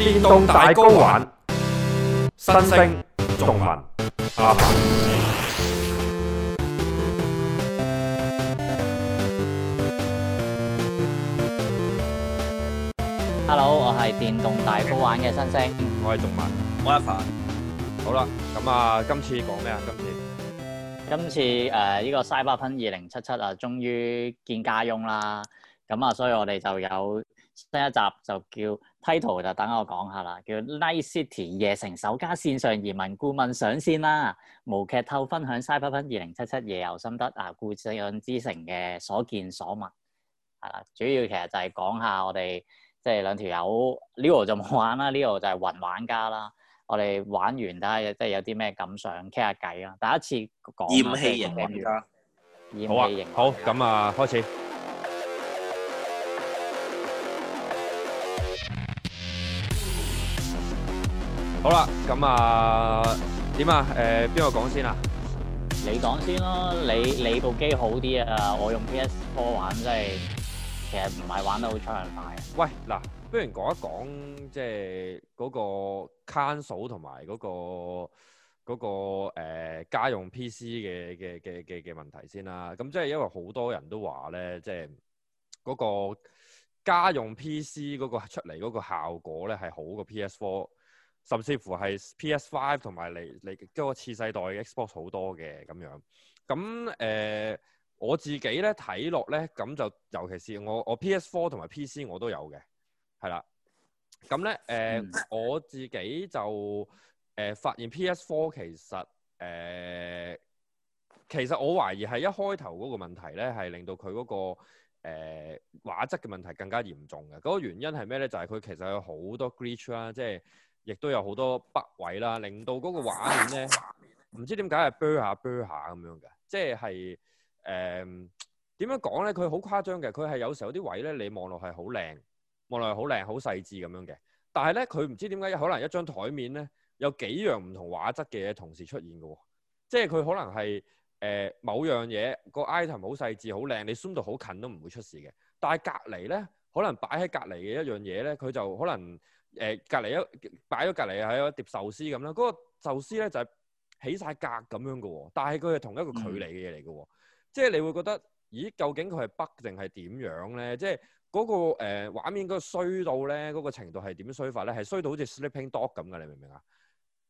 電動大 GO 玩，新星仲文阿凡，Hello，我係電動大 GO 玩嘅新星，我係仲文，我係阿凡，好啦，咁啊，今次講咩啊？今次今次誒，呢個 Cyberpunk 二零七七啊，終於見家用啦，咁啊，所以我哋就有新一集就叫。Title 就等我講下啦，叫 Night City 夜城首家線上移民顧問上線啦，無劇透分享 Cyberpunk 二零七七夜遊心得啊，故障之城嘅所見所聞係啦，主要其實就係講下我哋即係兩條友 Leo 就冇、是、玩啦，Leo 就係雲玩家啦，我哋玩完睇下即係有啲咩感想，傾下偈啦，第一次講厭棄型玩家，好啊，好，咁啊，開始。好啦，咁啊，點啊？誒、呃，邊個講先啊？你講先咯，你你部機好啲啊？我用 P S Four 玩真係，其實唔係玩得好出暢快。喂，嗱，不如講一講即係嗰個 Console 同埋嗰個嗰、嗰個誒、呃、家用 P C 嘅嘅嘅嘅嘅問題先啦。咁即係因為好多人都話咧，即係嗰個家用 P C 嗰、嗰個出嚟嗰個效果咧係好過 P S Four。甚至乎係 PS5 同埋你你嗰個次世代嘅 Xbox 好多嘅咁樣，咁誒、呃、我自己咧睇落咧，咁就尤其是我我 PS4 同埋 PC 我都有嘅，係啦。咁咧誒我自己就誒、呃、發現 PS4 其實誒、呃、其實我懷疑係一開頭嗰個問題咧，係令到佢嗰、那個誒、呃、畫質嘅問題更加嚴重嘅。嗰、那個原因係咩咧？就係、是、佢其實有好多 glitch 啦，即係。亦都有好多北位啦，令到嗰個畫面咧，唔知點解係 blur 下 blur 下咁樣嘅，即係誒點樣講咧？佢、呃、好誇張嘅，佢係有時候啲位咧，你望落係好靚，望落係好靚好細緻咁樣嘅。但係咧，佢唔知點解可能一張台面咧，有幾樣唔同畫質嘅嘢同時出現嘅，即係佢可能係誒、呃、某樣嘢個 item 好細緻好靚，你 zoom 到好近都唔會出事嘅。但係隔離咧，可能擺喺隔離嘅一樣嘢咧，佢就可能。誒、呃、隔離一擺咗隔離係一碟壽司咁啦，嗰、那個壽司咧就係、是、起晒格咁樣嘅喎，但係佢係同一個距離嘅嘢嚟嘅喎，嗯、即係你會覺得咦，究竟佢係 bug 定係點樣咧？即係嗰、那個誒、呃、畫面嗰個衰到咧嗰、那個程度係點衰法咧？係衰到好似 Sleeping Dog 咁嘅，你明唔明啊？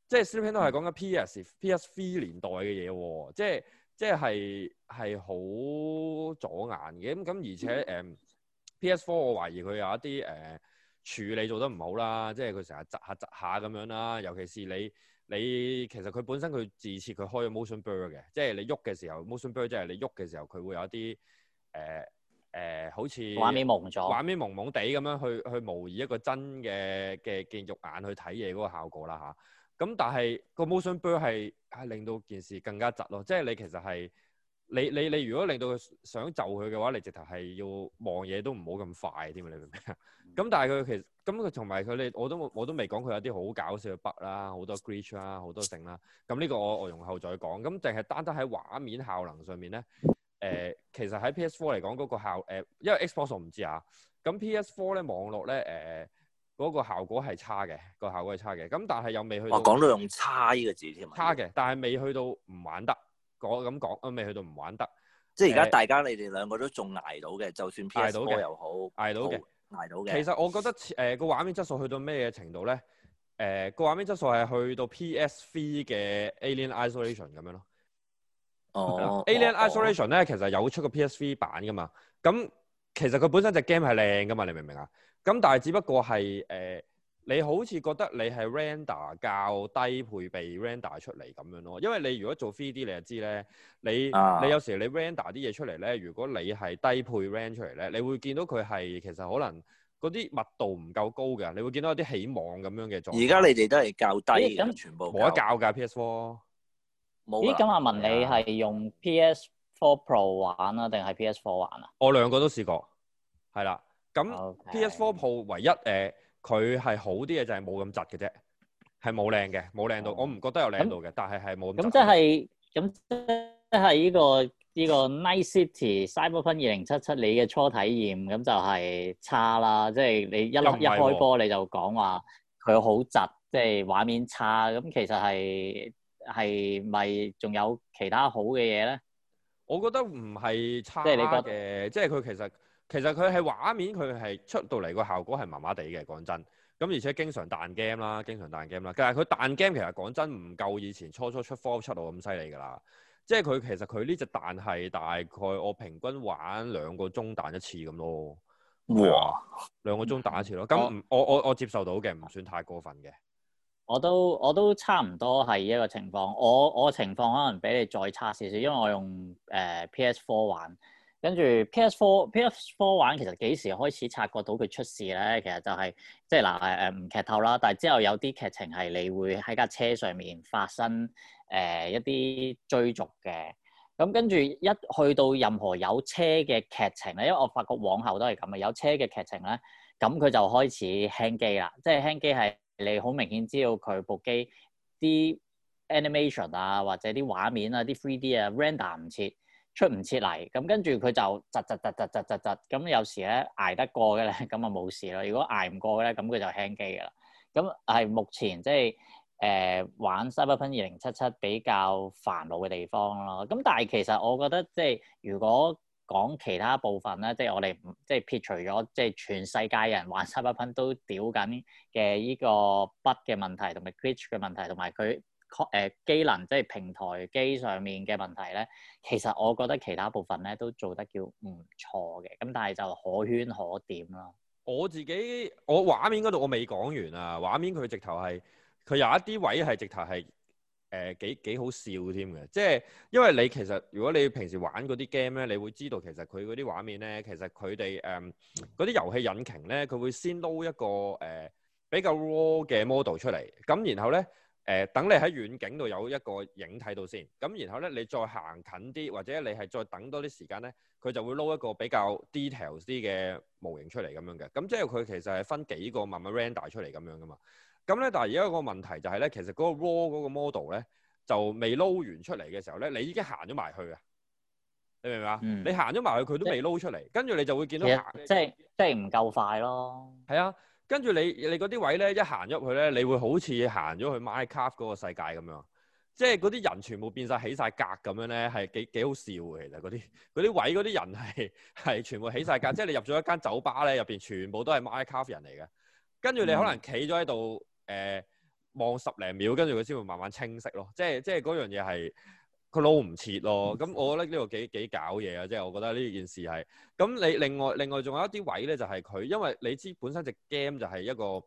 即係 Sleeping Dog 係講緊 PS PS 三年代嘅嘢喎，即係即係係係好阻眼嘅咁咁，而且誒、呃、PS four 我懷疑佢有一啲誒。呃處理做得唔好啦，即係佢成日窒下窒下咁樣啦。尤其是你你其實佢本身佢自設佢開咗 motion blur 嘅，即係你喐嘅時候，motion blur 即係你喐嘅時候佢會有一啲誒誒好似畫面蒙咗，畫面蒙蒙地咁樣去去模擬一個真嘅嘅嘅肉眼去睇嘢嗰個效果啦吓，咁、啊、但係個 motion blur 係係令到件事更加窒咯，即係你其實係。你你你如果令到佢想就佢嘅話，你直頭係要望嘢都唔好咁快添啊！你明唔明？咁 但係佢其實咁佢同埋佢你我都我都未講佢有啲好搞笑嘅 bug 啦，好多 glitch 啦，好多剩啦。咁呢個我我容後再講。咁淨係單單喺畫面效能上面咧，誒、呃，其實喺 PS4 嚟講嗰、嗰個效誒、呃，因為 Xbox 我唔知啊。咁 PS4 咧網絡咧誒嗰個效果係差嘅，個效果係差嘅。咁、那個、但係又未去到。我講到用差呢個字添。差嘅，但係未去到唔玩得。我咁講，未去到唔玩得，即係而家大家你哋兩個都仲捱到嘅，就算 p 到嘅又好捱到嘅，捱到嘅。其實我覺得誒個、呃、畫面質素去到咩嘅程度咧？誒、呃、個畫面質素係去到 PSV 嘅 Alien Isolation 咁樣咯。哦。 Alien Isolation 咧，哦、其實有出個 PSV 版噶嘛。咁其實佢本身隻 game 係靚噶嘛，你明唔明啊？咁但係只不過係誒。呃你好似覺得你係 render 較低配備 render 出嚟咁樣咯，因為你如果做 3D，你就知咧，你你有時你 render 啲嘢出嚟咧，如果你係低配 render 出嚟咧，你會見到佢係其實可能嗰啲密度唔夠高嘅，你會見到有啲起網咁樣嘅狀態。而家你哋都係較低而家、欸、全部冇得較㗎 PS4。咦 PS？咁阿文你係用 PS4 Pro 玩啊，定係 PS4 玩啊？我兩個都試過，係啦。咁 Okay. PS4 Pro 唯一誒。呃佢係好啲嘅就係冇咁窒嘅啫，係冇靚嘅，冇靚到我唔覺得有靚到嘅，那但係係冇咁。咁即係咁即係呢個呢、呢個 Night City Cyberpunk 二零七七你嘅初體驗咁就係差啦，即係你一、啊、一開波你就講話佢好窒，即係畫面差咁，其實係係咪仲有其他好嘅嘢咧？我覺得唔係差嘅，即係你覺得即係佢其實。其實佢係畫面，佢係出到嚟個效果係麻麻地嘅，講真。咁而且經常彈 game 啦，經常彈 game 啦。但係佢彈 game 其實講真唔夠以前初初出 four 七我咁犀利㗎啦。即係佢其實佢呢隻彈係大概我平均玩兩個鐘彈一次咁咯。哇！兩個鐘彈一次咯，咁我我我接受到嘅，唔算太過分嘅。我都我都差唔多係一個情況，我我情況可能比你再差少少，因為我用誒 PS 四玩。跟住 PS4 PS4 玩，其實幾時開始察覺到佢出事咧？其實就係即係嗱，誒唔劇透啦，但係之後有啲劇情係你會喺架車上面發生誒、呃、一啲追逐嘅。咁跟住一去到任何有車嘅劇情咧，因為我發覺往後都係咁嘅，有車嘅劇情咧，咁佢就開始輕機啦。即係輕機係你好明顯知道佢部機啲 animation 啊，或者啲畫面啊，啲 3D 啊 render 唔切。出唔切嚟，咁跟住佢就窒窒窒窒窒窒窒，咁有時咧捱得過嘅咧，咁 就冇事咯。如果捱唔過咧，咁佢就輕機噶啦。咁係目前即係誒、呃、玩 Cyberpunk 二零七七比較煩惱嘅地方咯。咁但係其實我覺得即係如果講其他部分咧，即係我哋即係撇除咗即係全世界人玩 Cyberpunk 都屌緊嘅依個 bug 嘅問題同埋 glitch 嘅問題同埋佢。確誒，機、呃、能即係平台機上面嘅問題咧，其實我覺得其他部分咧都做得叫唔錯嘅，咁但係就可圈可點咯。我自己我畫面嗰度我未講完啊，畫面佢直頭係佢有一啲位係直頭係誒幾幾好笑添嘅，即係因為你其實如果你平時玩嗰啲 game 咧，你會知道其實佢嗰啲畫面咧，其實佢哋誒嗰啲遊戲引擎咧，佢會先撈一個誒、呃、比較 raw 嘅 model 出嚟，咁然後咧。誒等你喺遠景度有一個影睇到先，咁然後咧你再行近啲，或者你係再等多啲時間咧，佢就會撈一個比較 details 啲嘅模型出嚟咁樣嘅。咁即係佢其實係分幾個慢慢 render 出嚟咁樣噶嘛。咁咧，但係而家個問題就係、是、咧，其實嗰個 raw 嗰個 model 咧就未撈完出嚟嘅時候咧，你已經行咗埋去啊！你明唔明啊？嗯、你行咗埋去，佢都未撈出嚟，跟住、嗯、你就會見到、就是、即係即係唔夠快咯。係啊。跟住你你嗰啲位咧，一行入去咧，你會好似行咗去 Minecraft 嗰個世界咁樣，即係嗰啲人全部變晒起晒格咁樣咧，係幾幾好笑嘅。其實嗰啲啲位嗰啲人係係全部起晒格， 即係你入咗一間酒吧咧，入邊全部都係 Minecraft 人嚟嘅。跟住你可能企咗喺度誒望十零秒，跟住佢先會慢慢清晰咯。即係即係嗰樣嘢係。佢撈唔切咯，咁 我覺得呢個幾幾搞嘢啊！即係我覺得呢件事係咁。你另外另外仲有一啲位咧，就係、是、佢，因為你知本身隻 game 就係一個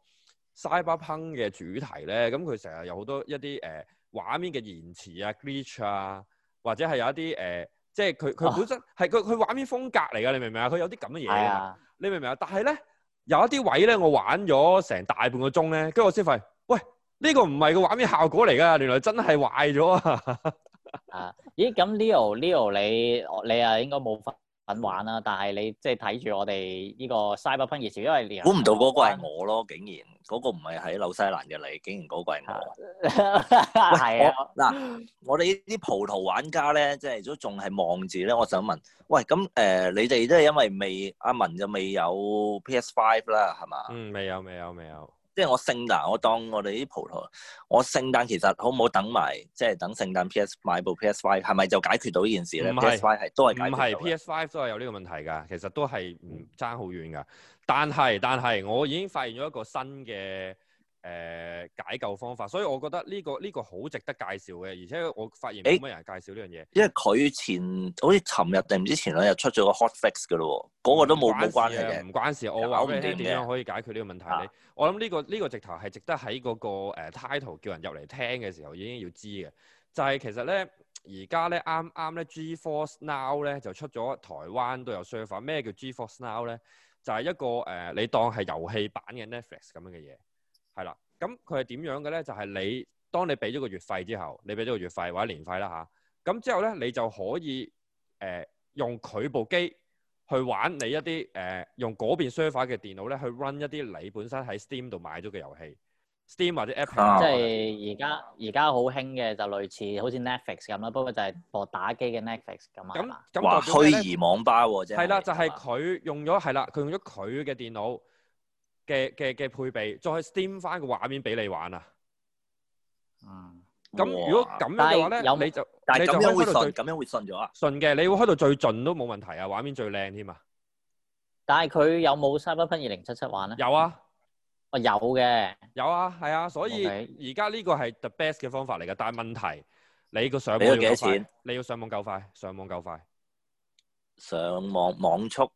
cyberpunk 嘅主題咧，咁佢成日有好多一啲誒、呃、畫面嘅延遲啊、glitch 啊，或者係有一啲誒、呃，即係佢佢本身係佢佢畫面風格嚟噶，你明唔明啊？佢有啲咁嘅嘢啊，你明唔明啊？但係咧有一啲位咧，我玩咗成大半個鐘咧，跟住我先發現，喂呢、呢個唔係個畫面效果嚟噶，原來真係壞咗啊！ 啊，咦，咁、啊、Leo，Leo 你，你啊應該冇份玩啦，但係你即係睇住我哋呢個《Cyberpunk》熱潮，因為估唔到嗰個係我咯，竟然嗰個唔係喺紐西蘭嘅你，竟然嗰個係我， 我。係啊，嗱，我哋呢啲葡萄玩家咧，即係都仲係望住咧，我想問，喂，咁誒、呃，你哋都係因為未阿、啊、文就未有 PS5 啦，係嘛、嗯？未有，未有，未有。即係我聖誕，我當我哋啲葡萄，我聖誕其實好唔好等埋，即係等聖誕 PS 買部 PS Five 係咪就解決到呢件事咧？PS Five 都係解決到。唔係，唔係 PS Five 都係有呢個問題㗎，其實都係唔爭好遠㗎。但係但係，我已經發現咗一個新嘅。誒，解救方法，所以我覺得呢、這個呢、這個好值得介紹嘅，而且我發現冇乜人介紹呢樣嘢。因為佢前好似尋日定唔知前兩日出咗個 Hotfix 嘅咯，嗰、那個都冇冇關係嘅。唔關事，關我話你點樣可以解決呢個問題？啊、我諗呢、這個呢、這個直頭係值得喺嗰、那個誒、呃、title 叫人入嚟聽嘅時候已經要知嘅。就係、是、其實咧，而家咧啱啱咧 GeForce Now 咧就出咗台灣都有 server。咩叫 GeForce Now 咧？就係、是、一個誒、呃，你當係遊戲版嘅 Netflix 咁樣嘅嘢。係啦，咁佢係點樣嘅咧？就係、是、你當你俾咗個月費之後，你俾咗個月費或者年費啦吓，咁、啊、之後咧你就可以誒、呃、用佢部機去玩你一啲誒、呃、用嗰邊 server 嘅電腦咧，去 run 一啲你本身喺 Steam 度買咗嘅遊戲，Steam 或者 Apple，即係而家而家好興嘅就類似好似 Netflix 咁啦，不過就係播打機嘅 Netflix 咁啊嘛，哇！虛擬網吧喎、啊，即係啦，就係佢用咗係啦，佢用咗佢嘅電腦。嘅嘅嘅配備，再去 stream 翻個畫面俾你玩啊！嗯，咁如果咁樣嘅話咧，你就你就開到最，咁樣會信咗啊？信嘅，你要開到最盡都冇問題啊！畫面最靚添啊！但係佢有冇 Cyberpunk 二零七七玩咧？有啊，我有嘅，有啊，係啊，所以而家呢個係 the best 嘅方法嚟嘅。但係問題，你個上網要幾快？你要上網夠快，上網夠快，上網網速，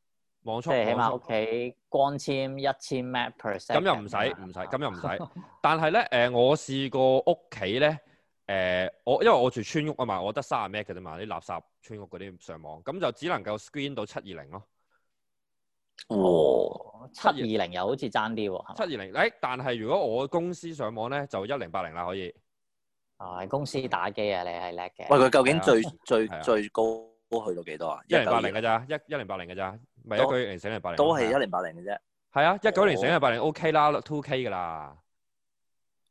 網速，起碼屋企光纖一千 Mbps，咁又唔使唔使咁又唔使，但係咧誒，我試過屋企咧誒，我因為我住村屋啊嘛，我得卅廿 Mbps 嘅啫嘛，啲垃圾村屋嗰啲上網，咁就只能夠 screen 到七二零咯。哦，七二零又好似爭啲喎。七二零誒，但係如果我公司上網咧，就一零八零啦，可以。啊，公司打機啊，你係叻嘅。喂，佢究竟最 最最，最高去到幾多啊？一零八零嘅咋？一一零八零嘅咋？咪一九零零八零都係一零八零嘅啫。係啊，哦、一九零零零八零 OK 啦，two K 嘅啦。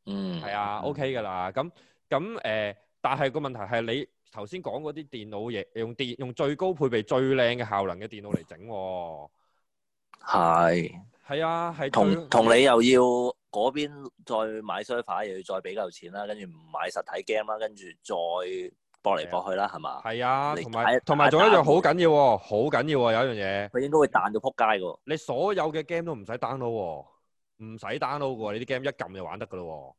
嗯，係啊，OK 嘅啦。咁咁誒，但係個問題係你頭先講嗰啲電腦嘢，用電用最高配備最靚嘅效能嘅電腦嚟整，係係啊，係同最同,同你又要嗰邊再買 server 又要再俾夠錢啦，跟住唔買實體 game 啦，跟住再。搏嚟搏去啦，係嘛？係啊，同埋同埋仲有一樣好緊打要喎，好緊要啊！有一樣嘢，佢應該會彈到撲街喎。你所有嘅 game 都唔使 download，唔使 download 嘅喎，你啲 game 一撳就玩得噶咯。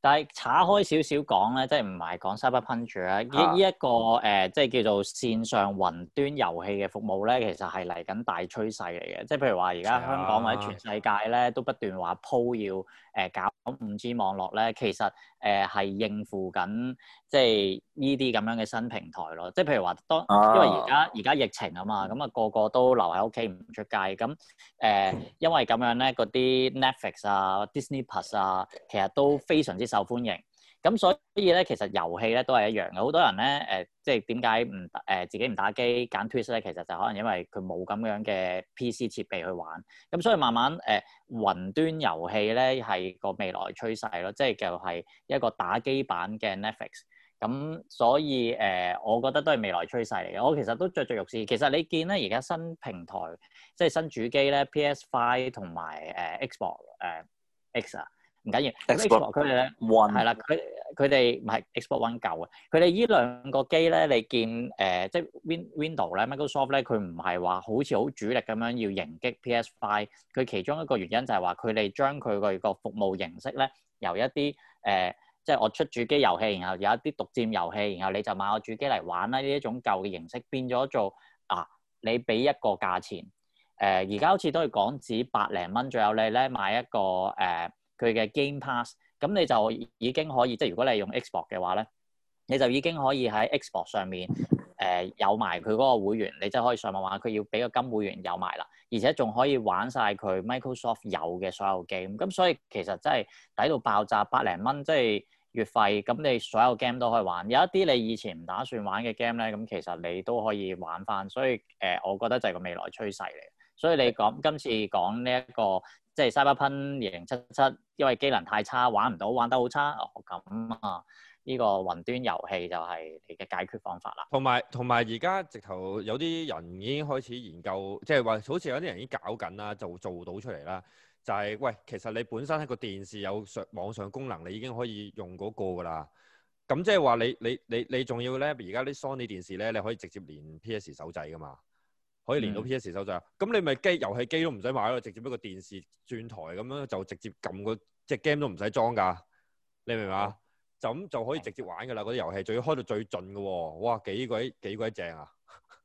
但係岔開少少講咧，即係唔係講 Cyberpunk 咧、啊？呢呢一個誒、呃，即係叫做線上雲端遊戲嘅服務咧，其實係嚟緊大趨勢嚟嘅。即係譬如話，而家香港或者、啊、全世界咧，都不斷話鋪要。誒搞 5G 網絡咧，其實誒係、呃、應付緊，即係呢啲咁樣嘅新平台咯。即係譬如話，當因為而家而家疫情啊嘛，咁啊個個都留喺屋企唔出街，咁誒、呃、因為咁樣咧，嗰啲 Netflix 啊、Disney Plus 啊，其實都非常之受歡迎。咁所以咧，其實遊戲咧都係一樣嘅。好多人咧，誒、呃，即係點解唔誒自己唔打機揀 Twist 咧？其實就可能因為佢冇咁樣嘅 PC 設備去玩。咁所以慢慢誒雲、呃、端遊戲咧係個未來趨勢咯，即係就係一個打機版嘅 Netflix。咁所以誒、呃，我覺得都係未來趨勢嚟嘅。我其實都躍躍欲試。其實你見咧，而家新平台即係新主機咧，PS Five 同埋誒 Xbox 誒、呃、X 啊。唔緊要，佢哋咧，係啦 Export，佢佢哋唔係 Xbox One 舊嘅，佢哋依兩個機咧，你見誒，即、呃、係、就是、Window 咧，Microsoft 咧，佢唔係話好似好主力咁樣要迎擊 PS Five，佢其中一個原因就係話佢哋將佢個個服務形式咧，由一啲誒，即、呃、係、就是、我出主機遊戲，然後有一啲獨佔遊戲，然後你就買我主機嚟玩啦，呢一種舊嘅形式變咗做啊，你俾一個價錢，誒、呃，而家好似都係港紙百零蚊左右，你咧買一個誒。呃佢嘅 Game Pass，咁你就已經可以，即係如果你用 Xbox 嘅話咧，你就已經可以喺 Xbox 上面誒、呃、有埋佢嗰個會員，你即係可以上網上玩，佢要俾個金會員有埋啦，而且仲可以玩晒佢 Microsoft 有嘅所有 game。咁所以其實真係抵到爆炸，百零蚊即係月費，咁你所有 game 都可以玩。有一啲你以前唔打算玩嘅 game 咧，咁其實你都可以玩翻。所以誒、呃，我覺得就係個未來趨勢嚟。所以你講今次講呢、這、一個。即係 Cyberpunk 2077，因為機能太差，玩唔到，玩得好差。哦，咁啊，呢個雲端遊戲就係你嘅解決方法啦。同埋同埋，而家直頭有啲人已經開始研究，即係話好似有啲人已經搞緊啦，就做到出嚟啦。就係、是、喂，其實你本身係個電視有上網上功能，你已經可以用嗰個㗎啦。咁即係話你你你你仲要咧？而家啲 Sony 電視咧，你可以直接連 PS 手掣㗎嘛？可以連到 PS 手掣，咁、嗯、你咪機遊戲機都唔使買咯，直接一個電視轉台咁樣就直接撳個隻 game 都唔使裝噶，你明唔明啊？就咁就可以直接玩噶啦，嗰啲遊戲仲要開到最盡嘅喎，哇幾鬼幾鬼正啊！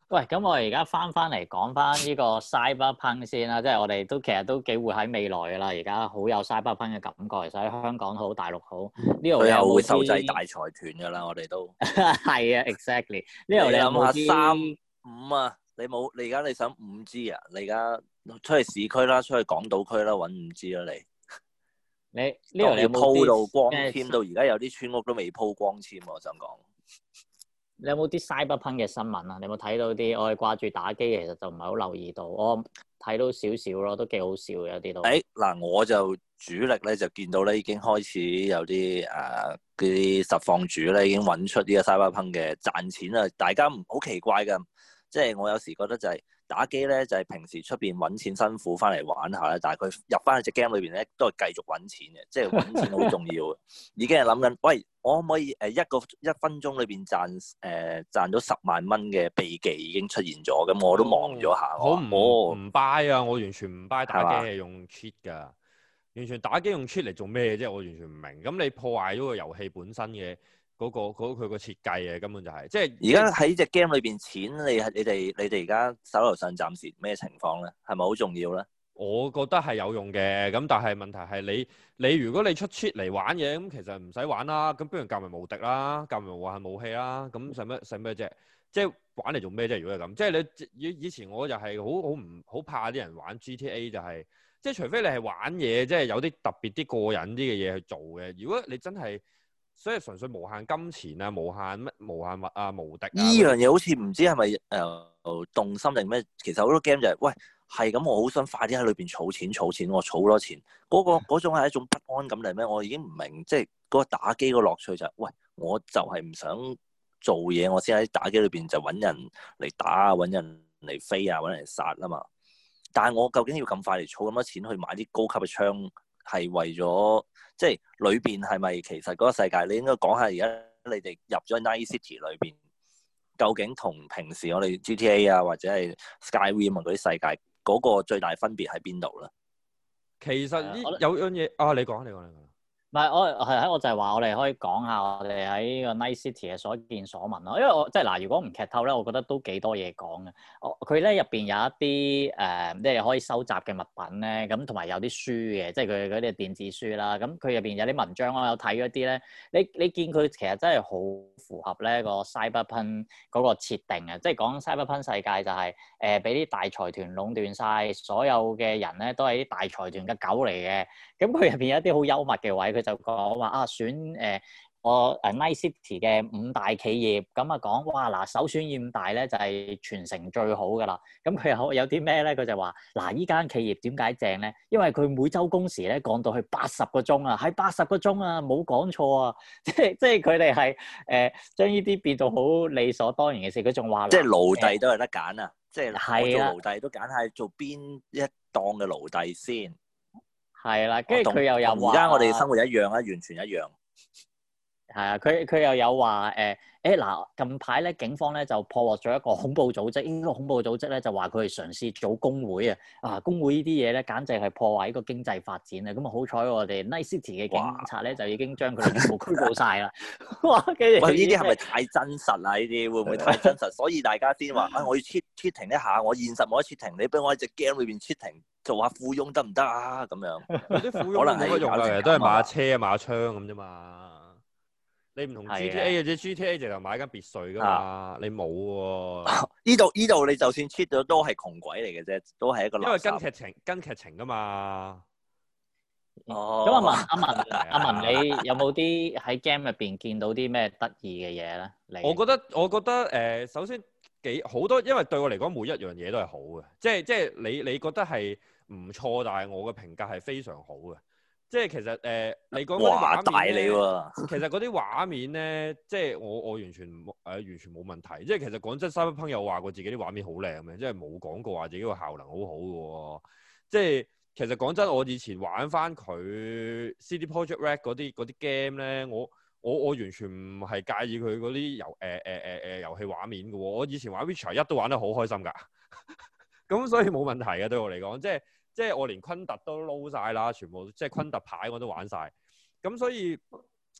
喂，咁我哋而家翻翻嚟講翻呢個 Cyberpunk 先啦， 即係我哋都其實都幾會喺未來嘅啦，而家好有 Cyberpunk 嘅感覺，所以香港好，大陸好，呢度有冇仔大財團嘅啦？我哋都係啊，exactly 呢度 你諗下三五啊？你冇，你而家你想五 G 啊？你而家出去市區啦，出去港島區啦，揾五 G 啦、啊，你。你呢個要鋪到光纖到而家有啲村屋都未鋪光纖、啊、我想講。你有冇啲 Cyberpunk 嘅新聞啊？你有冇睇到啲？我係掛住打機，其實就唔係好留意到。我睇到少少咯，都幾好笑嘅有啲都。誒、哎，嗱，我就主力咧就見到咧已經開始有啲誒，嗰、啊、啲實況主咧已經揾出呢個 Cyberpunk 嘅賺錢啦。大家唔好奇怪噶。即係我有時覺得就係、是、打機咧，就係、是、平時出邊揾錢辛苦，翻嚟玩下咧。但係佢入翻去隻 game 裏邊咧，都係繼續揾錢嘅，即係揾錢好重要。 已經係諗緊，喂，我可唔可以誒一個一分鐘裏邊賺誒、呃、賺咗十萬蚊嘅秘技已經出現咗，咁我都望咗下。好唔好？唔 buy 我啊！我完全唔 buy 打機係用 cheat 㗎，吧完全打機用 cheat 嚟做咩啫？我完全唔明。咁你破壞咗個遊戲本身嘅。嗰佢、嗰個嗰設計嘅根本就係，即係而家喺隻 game 裏邊錢，你係你哋你哋而家手頭上暫時咩情況咧？係咪好重要咧？我覺得係有用嘅，咁但係問題係你你如果你出 cheat 嚟玩嘢，咁其實唔使玩啦，咁不如教埋無敵啦，教埋換武器啦，咁使乜使乜啫？即係玩嚟做咩啫？如果係咁，即係你以以前我就係好好唔好怕啲人玩 GTA，就係、是、即係除非你係玩嘢，即、就、係、是、有啲特別啲過癮啲嘅嘢去做嘅。如果你真係，所以純粹無限金錢啊，無限乜無限物啊，無，無敵啊，呢樣嘢好似唔知係咪誒動心定咩？其實好多 game 就係、是，喂，係咁，我好想快啲喺裏邊儲錢儲錢，我儲好多錢，嗰、那個嗰種係一種不安感嚟咩？我已經唔明，即係嗰個打機個樂趣就係、是，喂，我就係唔想做嘢，我先喺打機裏邊就揾人嚟打啊，揾人嚟飛啊，揾人嚟殺啊嘛。但係我究竟要咁快嚟儲咁多錢去買啲高級嘅槍？係為咗即係裏邊係咪其實嗰個世界？你應該講下而家你哋入咗 Night City 裏邊，究竟同平時我哋 GTA 啊或者係 Skyrim 啊嗰啲世界嗰、嗰個最大分別喺邊度呢？其實呢、uh, 有樣嘢啊，你講啊，你講啊，你講啊！唔係，我係喺我就係話，我哋可以講下我哋喺呢個 Night City 嘅所見所聞咯。因為我即係嗱，如果唔劇透咧，我覺得都幾多嘢講嘅。我佢咧入邊有一啲誒，即、呃、係可以收集嘅物品咧，咁同埋有啲書嘅，即係佢嗰啲電子書啦。咁佢入邊有啲文章，我有睇咗啲咧。你你見佢其實真係好符合咧個 Cyberpunk 嗰個設定嘅，即係講 Cyberpunk 世界就係誒俾啲大財團壟斷晒，所有嘅人咧都係啲大財團嘅狗嚟嘅。咁佢入邊有一啲好幽默嘅位，佢就講話啊選誒、呃、我誒 Night City 嘅五大企業，咁啊講哇嗱，首選五大咧就係、是、全城最好噶啦。咁佢又有啲咩咧？佢就話嗱，依、啊、間企業點解正咧？因為佢每週工時咧降到去八十個鐘啊，喺八十個鐘啊，冇講錯啊。即係即係佢哋係誒將呢啲變到好理所當然嘅事。佢仲話即係奴隸都有得揀啊，即係、嗯、我做奴隸都揀係做邊一檔嘅奴隸先。係啦、哦，跟住佢又有話，而家我哋生活一樣呀，完全一樣。係啊，佢佢又有話誒。呃誒嗱，近排咧警方咧就破獲咗一個恐怖組織。呢個恐怖組織咧就話佢哋嘗試組工會啊！啊，工會呢啲嘢咧簡直係破壞一個經濟發展啊！咁啊好彩我哋 Night City 嘅警察咧就已經將佢哋全部拘捕晒啦！哇，跟呢啲係咪太真實啊？呢啲會唔會太真實？所以大家先話，唉，我要 quit quit 停一下，我現實冇得 quit 停，你俾我喺隻 game 裏邊 quit 停，做下富翁得唔得啊？咁樣，嗰啲富翁冇乜用啊，都係買車買槍咁啫嘛。你唔同 GTA 或者 GTA 就頭買間別墅噶嘛？啊、你冇喎，呢度呢度你就算 cheat 咗都係窮鬼嚟嘅啫，都係一個。因為跟劇情跟劇情噶嘛。哦。咁阿文阿文阿文， 你有冇啲喺 game 入邊見到啲咩得意嘅嘢咧？你我覺得我覺得誒，首先幾好多，因為對我嚟講，每一樣嘢都係好嘅，即係即係你你覺得係唔錯，但係我嘅評價係非常好嘅。即係其實誒、呃，你講畫大你喎。哇其實嗰啲畫面咧， 即係我我完全誒、呃、完全冇問題。即係其實講真，沙朋友話過自己啲畫面好靚咩？即係冇講過話自己個效能好好嘅。即係其實講真，我以前玩翻佢 CD Projekt Red 嗰啲啲 game 咧，我我我完全唔係介意佢嗰啲遊誒誒誒誒遊戲畫面嘅。我以前玩 Witcher 一都玩得好開心㗎。咁 所以冇問題嘅，對我嚟講，即係。即係我連昆特都撈晒啦，全部即係昆特牌我都玩晒。咁，所以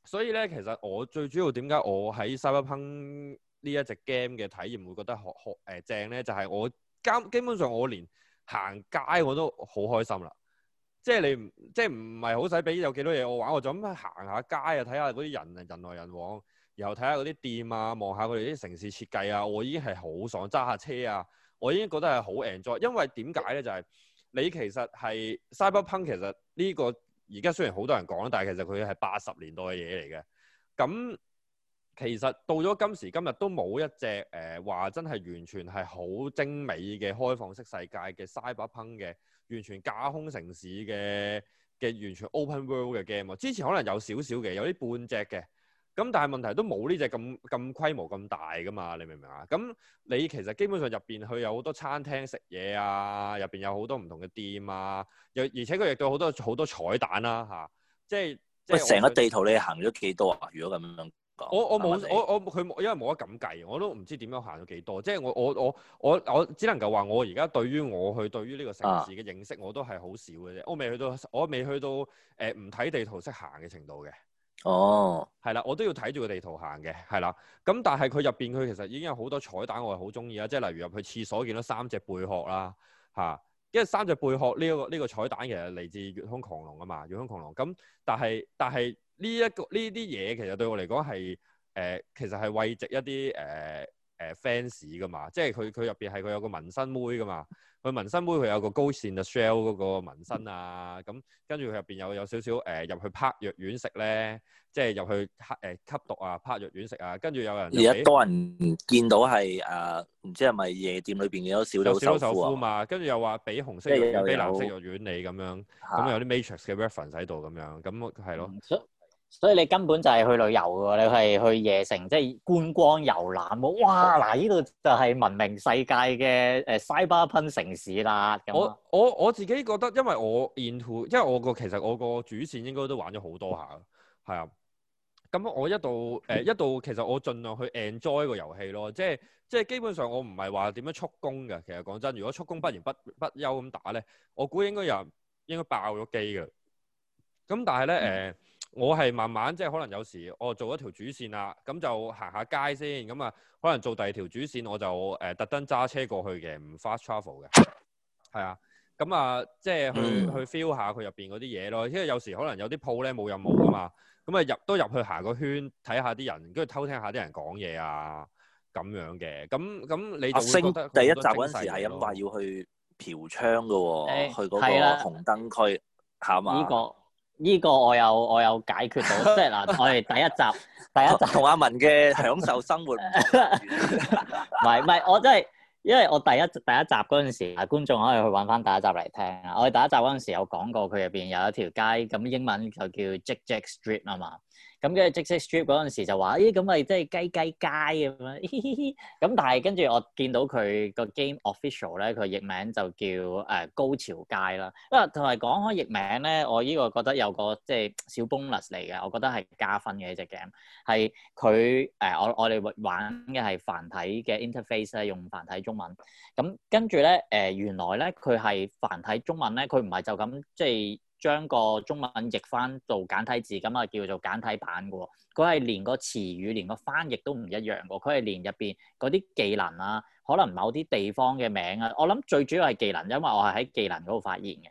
所以咧，其實我最主要點解我喺 Cyberpunk 呢一隻 game 嘅體驗會覺得好好誒正咧，就係、是、我今基本上我連行街我都好開心啦。即係你唔，即係唔係好使俾有幾多嘢我玩，我就咁行下街啊，睇下嗰啲人人來人往，然後睇下嗰啲店啊，望下佢哋啲城市設計啊，我已經係好爽，揸下車啊，我已經覺得係好 enjoy，因為點解咧就係、是。你其實係 cyberpunk 其實呢個而家雖然好多人講但係其實佢係八十年代嘅嘢嚟嘅。咁其實到咗今時今日都冇一隻誒話真係完全係好精美嘅開放式世界嘅 cyberpunk 嘅完全架空城市嘅嘅完全 open world 嘅 game 之前可能有少少嘅，有啲半隻嘅。咁但係問題都冇呢隻咁咁規模咁大噶嘛，你明唔明啊？咁你其實基本上入邊佢有好多餐廳食嘢啊，入邊有好多唔同嘅店啊，又而且佢亦都好多好多彩蛋啦、啊、吓、啊，即係即係。成個地圖你行咗幾多啊？如果咁樣講，我你我冇我我佢因為冇得咁計，我都唔知點樣行咗幾多。即係我我我我我只能夠話我而家對於我去對於呢個城市嘅認識我、啊我，我都係好少嘅啫。我未去到我未去到誒唔睇地圖識行嘅程度嘅。哦，係啦、oh.，我都要睇住個地圖行嘅，係啦。咁但係佢入邊佢其實已經有好多彩蛋，我係好中意啊。即係例如入去廁所見到三隻貝殼啦，吓，因為三隻貝殼呢、呢、一個呢、呢個彩蛋其實嚟自《越空狂龍》啊嘛，這個《越空狂龍》。咁但係但係呢一個呢啲嘢其實對我嚟講係誒，其實係慰藉一啲誒。呃誒 fans 㗎嘛，即係佢佢入邊係佢有個紋身妹㗎嘛，佢紋身妹佢有個 Ghost in the Shell 嗰個紋身啊，咁、嗯、跟住佢入邊有有少少誒入去拍 a r 藥丸食咧，即係入去誒吸毒啊拍 a r 藥丸食啊，跟住有人而家多人見到係誒，唔、啊、知係咪夜店裏邊有少少，少夫嘛。有少少首跟住又話俾紅色藥丸俾藍色藥丸你咁樣，咁、啊、有啲 matrix 嘅 reference 喺度咁樣，咁係咯。嗯嗯所以你根本就係去旅遊噶，你係去夜城，即、就、係、是、觀光遊覽。哇！嗱，呢度就係聞名世界嘅誒，Cyberpunk 城市啦。我我我自己覺得，因為我 into 因為我個其實我個主線應該都玩咗好多下。係啊，咁我一度誒一度，其實我盡、呃、量去 enjoy 個遊戲咯。即係即係基本上我唔係話點樣速攻嘅。其實講真，如果速攻不嚴不不休咁打咧，我估應該又應該爆咗機噶。咁但係咧，誒、呃。我係慢慢即係可能有時，我做一條主線啦，咁就行下街先，咁啊可能做第二條主線，我就誒、呃、特登揸車過去嘅，唔 fast travel 嘅，係啊，咁啊即係去、嗯、去 feel 下佢入邊嗰啲嘢咯，因為有時可能有啲鋪咧冇任務啊嘛，咁啊入都入去行個圈，睇下啲人，跟住偷聽下啲人講嘢啊，咁樣嘅，咁咁你就覺得、啊、第一集嗰陣時係咁話要去嫖娼嘅喎、哦，欸、去嗰個紅燈區係嘛？吧呢個我有我有解決到， 即係嗱，我哋第一集第一集同 阿文嘅享受生活，唔係唔係，我真係因為我第一第一集嗰陣時，啊觀眾可以去揾翻第一集嚟聽啊！我哋第一集嗰陣時有講過，佢入邊有一條街，咁英文就叫 Jig Jig Street 嘛嘛。咁跟住《Jigsaw Street》嗰陣時就話，咦咁咪即係雞雞街咁樣，咁、哎、 但係跟住我見到佢個 game official 咧，佢譯名就叫誒、呃、高潮街啦。不過同埋講開譯名咧，我依個覺得有個即係小 bonus 嚟嘅，我覺得係加分嘅一隻 game。係佢誒，我我哋玩嘅係繁體嘅 interface 咧，用繁體中文。咁跟住咧，誒、呃、原來咧佢係繁體中文咧，佢唔係就咁即係。將個中文譯翻做簡體字，咁啊叫做簡體版嘅喎。佢係連個詞語、連個翻譯都唔一樣嘅。佢係連入邊嗰啲技能啊，可能某啲地方嘅名啊，我諗最主要係技能，因為我係喺技能嗰度發現嘅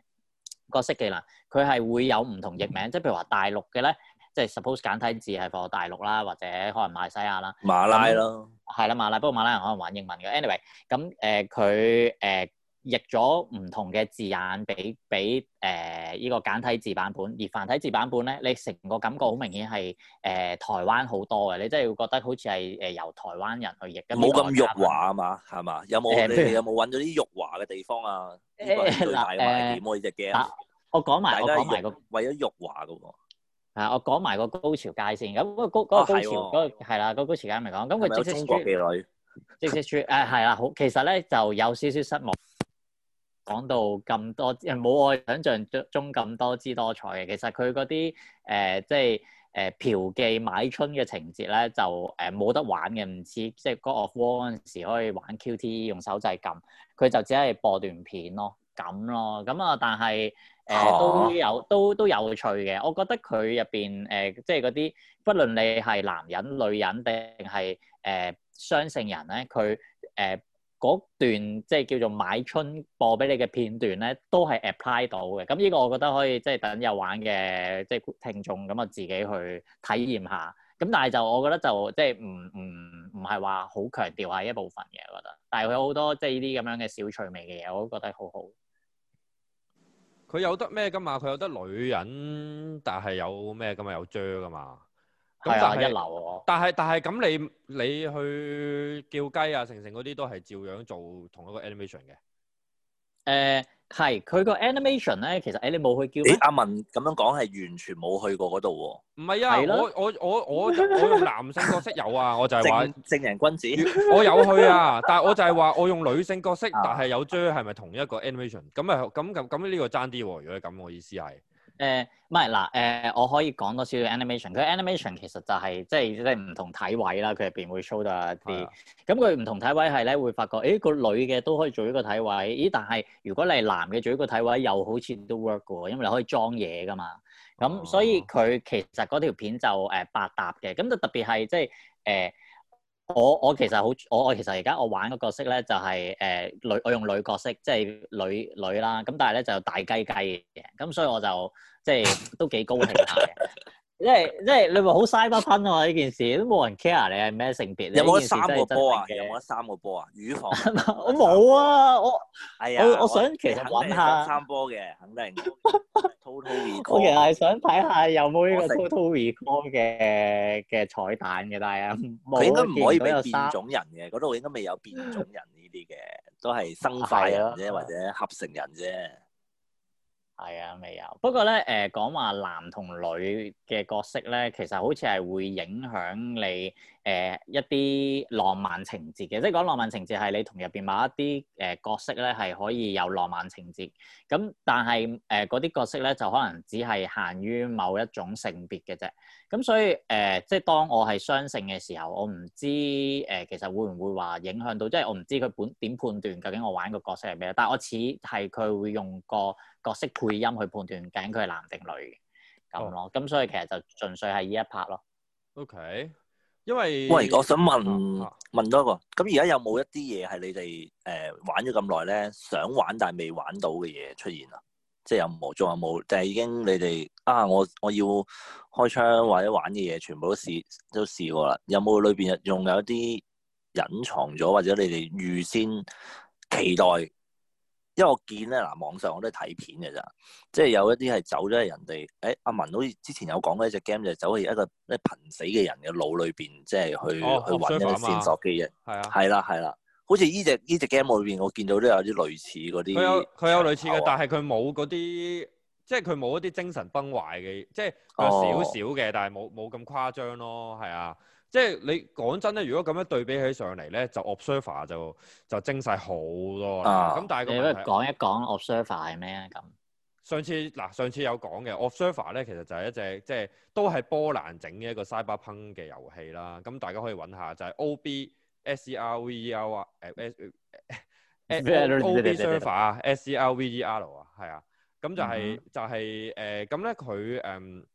個識技能，佢係會有唔同譯名，即係譬如話大陸嘅咧，即係 suppose 簡體字係放大陸啦，或者可能馬來西亞啦，馬拉咯，係啦馬拉，不過馬拉人可能玩英文嘅。Anyway，咁誒佢誒。呃譯咗唔同嘅字眼，俾俾誒呢個簡體字版本，而繁體字版本咧，你成個感覺好明顯係誒台灣好多嘅，你真係會覺得好似係誒由台灣人去譯嘅，冇咁辱華啊嘛，係嘛？有冇誒有冇揾到啲辱華嘅地方啊？嗱誒，我講埋我講埋個為咗辱華嘅喎，啊我講埋個高潮街先，咁個高個高潮嗰個係啦個高潮街咪講咁佢正式住，正式住誒係啦，好其實咧就有少少失望。講到咁多，冇我想象中咁多姿多彩嘅。其實佢嗰啲誒，即係誒嫖妓買春嘅情節咧，就誒冇、呃、得玩嘅，唔似即係《就是、God of War》嗰陣時可以玩 QT 用手掣撳，佢就只係播段片咯，咁咯。咁啊，但係誒都有都有都有趣嘅。我覺得佢入邊誒，即係嗰啲，不論你係男人、女人定係誒雙性人咧，佢誒。呃嗰段即係叫做買春播俾你嘅片段咧，都係 apply 到嘅。咁呢個我覺得可以即係等有玩嘅即係聽眾咁啊自己去體驗下。咁但係就我覺得就即係唔唔唔係話好強調係一部分嘅，我覺得。但係佢有好多即係呢啲咁樣嘅小趣味嘅嘢，我都覺得好好。佢有得咩噶嘛？佢有得女人，但係有咩噶嘛？有嚼噶嘛？咁但係，但係但係，咁你你去叫雞啊，成成嗰啲都係照樣做同一個 animation 嘅。誒，係佢個 animation 咧，其實誒，你冇去叫。阿文咁樣講係完全冇去過嗰度喎。唔係啊，我我我我我用男性角色有啊，我就係話正正人君子。我有去啊，但係我就係話我用女性角色，但係有 jo 係咪同一個 animation？咁啊，咁咁咁呢個爭啲喎。如果係咁，我意思係。誒唔係嗱，誒、uh, 我可以講多少啲 animation。佢 animation 其實就係即係即係唔同體位啦，佢入邊會 show 到一啲。咁佢唔同體位係咧，會發覺，誒、欸、個女嘅都可以做一個體位，咦？但係如果你係男嘅做一個體位，又好似都 work 嘅喎，因為你可以裝嘢㗎嘛。咁、oh. 所以佢其實嗰條片就誒百搭嘅。咁就特別係即係誒。就是呃我我其實好，我我其實而家我玩個角色咧就係誒女，我用女角色，即係女女啦。咁但係咧就大雞雞嘅。咁所以我就即係都幾高興下嘅。 即係即係，你咪好嘥不噴啊！呢件事都冇人 care，你係咩性別呢？有冇得三個波啊？有冇得三個波啊？乳房？我冇啊！我係啊！我想其實揾下三波嘅，肯定。Total Recall，我其實係想睇下有冇呢個 Total Recall 嘅嘅嘅彩蛋嘅，但係啊，佢應該唔可以俾變種人嘅，嗰度應該未有變種人呢啲嘅，都係生化人或者合成人啫。係啊，未有。不過咧，誒、呃、講話男同女嘅角色咧，其實好似係會影響你。誒、呃、一啲浪漫情節嘅，即係講浪漫情節係你同入邊某一啲誒、呃、角色咧，係可以有浪漫情節。咁但係誒嗰啲角色咧，就可能只係限於某一種性別嘅啫。咁所以誒、呃，即係當我係雙性嘅時候，我唔知誒、呃、其實會唔會話影響到，即係我唔知佢本點判斷究竟我玩個角色係咩。但係我似係佢會用個角色配音去判斷，究竟佢係男定女咁咯。咁、哦、所以其實就純粹係依一 part 咯。OK。因為喂，我想問問多個，咁而家有冇一啲嘢係你哋誒、呃、玩咗咁耐咧，想玩但係未玩到嘅嘢出現啊？即係有冇仲有冇就係已經你哋啊？我我要開槍或者玩嘅嘢全部都試都試過啦，有冇裏邊用有一啲隱藏咗或者你哋預先期待？因為我見咧嗱，網上我都睇片嘅咋，即係有一啲係走咗去人哋，誒、欸、阿文好似之前有講過一隻 game 就走，是，去一個咧瀕死嘅人嘅腦裏邊，即係去，哦、去揾一個線索嘅嘢。係啊、哦，係啦係啦，好似呢隻呢隻 game 裏邊，我見到都有啲類似嗰啲。佢有佢有類似嘅，但係佢冇嗰啲，即係佢冇一啲精神崩壞嘅，即係有少少嘅，哦、但係冇冇咁誇張咯，係啊。即係你講真咧，如果咁樣對比起上嚟咧，就 observer 就就精細好多啦。咁但係，你講一講 observer 係咩咁？上次嗱，上次有講嘅 observer 咧，其實就係一隻即係都係波蘭整嘅一個 Cyberpunk 嘅遊戲啦。咁大家可以揾下，就係 O B S E R V E R 啊，誒 O B server 啊，S E R V E R 啊，係啊。咁就係就係誒咁咧，佢誒。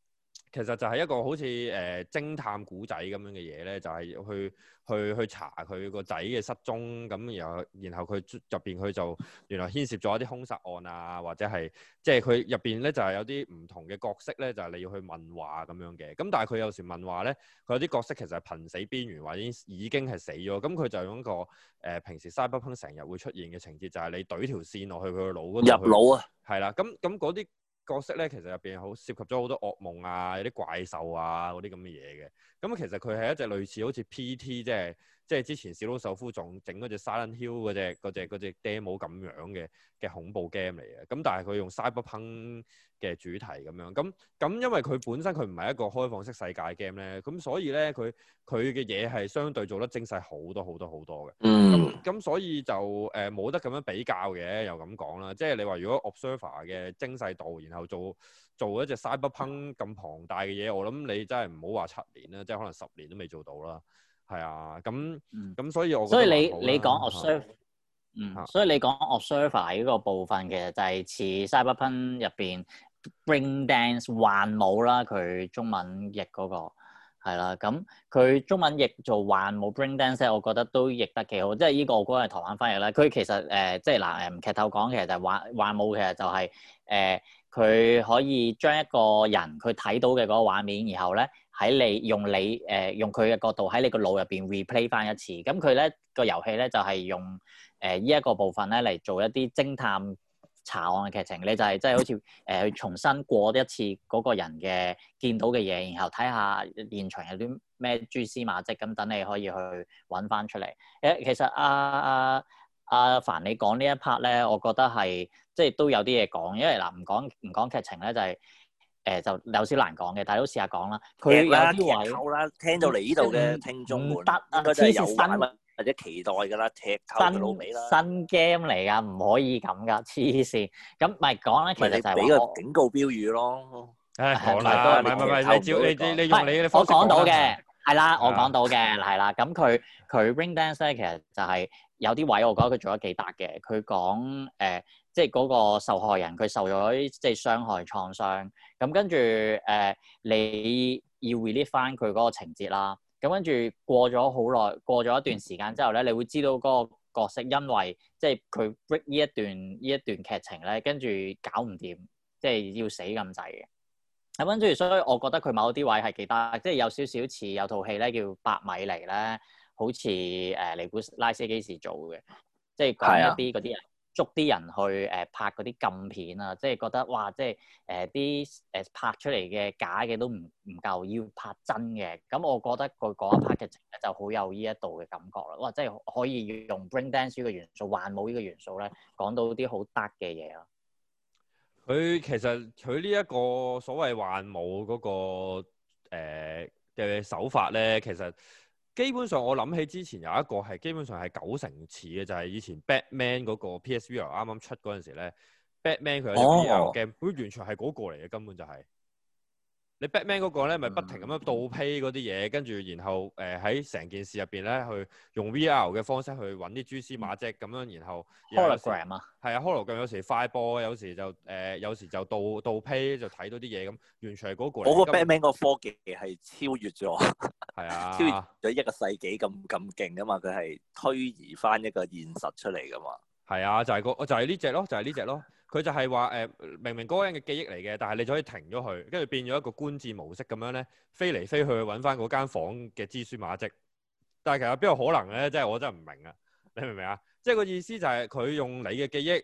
其實就係一個好似誒、呃、偵探古仔咁樣嘅嘢咧，就係、是、去去去查佢個仔嘅失蹤，咁然後然後佢入邊佢就原來牽涉咗一啲兇殺案啊，或者係即係佢入邊咧就係、是就是、有啲唔同嘅角色咧，就係、是、你要去問話咁樣嘅。咁但係佢有時問話咧，佢有啲角色其實係瀕死邊緣，或者已經已經係死咗。咁佢就用一個誒、呃、平時 Cyberpunk，成日會出現嘅情節，就係、是、你懟條線落去佢個腦度入腦啊。係啦，咁咁嗰啲。角色呢，其實入邊好涉及咗好多惡夢啊，有啲怪獸啊，嗰啲咁嘅嘢嘅。咁其實佢係一隻類似好似 P.T. 即係即係之前小島秀夫整嗰隻 Silent Hill 嗰隻嗰隻嗰隻 Demo 咁樣嘅嘅恐怖 game 嚟嘅，咁但係佢用 Cyberpunk 嘅主題咁樣，咁咁因為佢本身佢唔係一個開放式世界 game 咧，咁所以咧佢佢嘅嘢係相對做得精細好多好多好多嘅。嗯。咁所以就誒冇、呃、得咁樣比較嘅，又咁講啦，即係你話如果 Observer 嘅精細度，然後做。做一隻 Cyberpunk 咁龐大嘅嘢，我諗你真係唔好話七年啦，即係可能十年都未做到啦。係啊，咁咁、嗯嗯、所以，我所以你好你講 observe，嗯，啊、所以你講 observe 呢個部分其實就係似 Cyberpunk 入邊 BrainDance 幻舞啦，佢中文譯嗰、嗰個係啦。咁佢、啊、中文譯做幻舞 BrainDance，我覺得都譯得幾好。即係呢個我覺得係台灣翻譯啦。佢其實誒、呃、即係嗱誒劇透講，其實就係、幻幻舞其實就係、是、誒。呃呃佢可以將一個人佢睇到嘅嗰個畫面，然後咧喺你用你誒、呃、用佢嘅角度喺你個腦入邊 replay 翻一次。咁佢咧個遊戲咧就係、是、用誒呢一個部分咧嚟做一啲偵探查案嘅劇情。你就係即係好似誒去重新過一次嗰個人嘅見到嘅嘢，然後睇下現場有啲咩蛛絲馬跡，咁等你可以去揾翻出嚟。誒，其實阿阿阿凡你講呢一 part 咧，我覺得係。即係都有啲嘢講，因為嗱唔講唔講劇情咧，就係、是、誒、呃、就有少難講嘅，但係都試下講啦。佢有啲位聽到嚟呢度嘅聽眾得啊！黐線或者期待㗎啦，劇透尾啦，新 game 嚟㗎，唔可以咁㗎，黐線，咁咪講咧。其實就係俾個警告標語咯。誒、哎，唔係唔係唔係，你照你你你用你嘅方式。我講到嘅係啦，我講到嘅係 啦。咁佢佢 Ring Dance 咧，其實就係、是、有啲位我覺得佢做得幾得嘅。佢講誒。呃即係嗰個受害人，佢受咗即係傷害創傷。咁跟住誒，你要 relief 翻佢嗰個情節啦。咁跟住過咗好耐，過咗一段時間之後咧，你會知道嗰個角色因為即係佢 break 呢一段呢一段劇情咧，跟住搞唔掂，即係要死咁滯嘅。咁跟住，所以我覺得佢某啲位係幾得，即係有少少似有套戲咧叫《八米嚟咧》，好似誒尼古拉斯基治做嘅，即係講一啲嗰啲人。捉啲人去誒拍嗰啲禁片啊，即係覺得哇，即係誒啲誒拍出嚟嘅假嘅都唔唔夠，要拍真嘅。咁我覺得佢嗰一 part 嘅情節就好有呢一度嘅感覺啦。哇，真係可以用《Brain Dance》呢個元素，幻舞呢個元素咧，講到啲好得嘅嘢啊！佢其實佢呢一個所謂幻舞嗰個嘅、呃、手法咧，其實～基本上我諗起之前有一個係基本上係九成似嘅，就係、是、以前 Batman 嗰個 PSVR 啱啱出嗰陣時咧、哦、Batman 佢呢啲 game，佢完全係嗰個嚟嘅，根本就係、是。你 Batman 嗰個咧，咪、嗯、不停咁樣倒批嗰啲嘢，跟住然後誒喺成件事入邊咧，去用 VR 嘅方式去揾啲蛛絲馬跡咁樣，然後。Hologram 啊，係啊，Hologram 有時快播，有時就誒、呃，有時就倒倒批就睇到啲嘢咁，完全係嗰、嗰個。我個 Batman 個科技係超越咗，係啊，超越咗一個世紀咁咁勁啊嘛！佢係推移翻一個現實出嚟噶嘛。係啊，就係、嗰個，就係呢隻咯，就係呢隻咯。就是這個佢就係話誒，明明嗰個人嘅記憶嚟嘅，但係你就可以停咗佢，跟住變咗一個觀戰模式咁樣咧，飛嚟飛去揾翻嗰間房嘅蛛絲馬跡。但係其實邊有可能咧？即、就、係、是、我真係唔明啊！你明唔明啊？即係個意思就係佢用你嘅記憶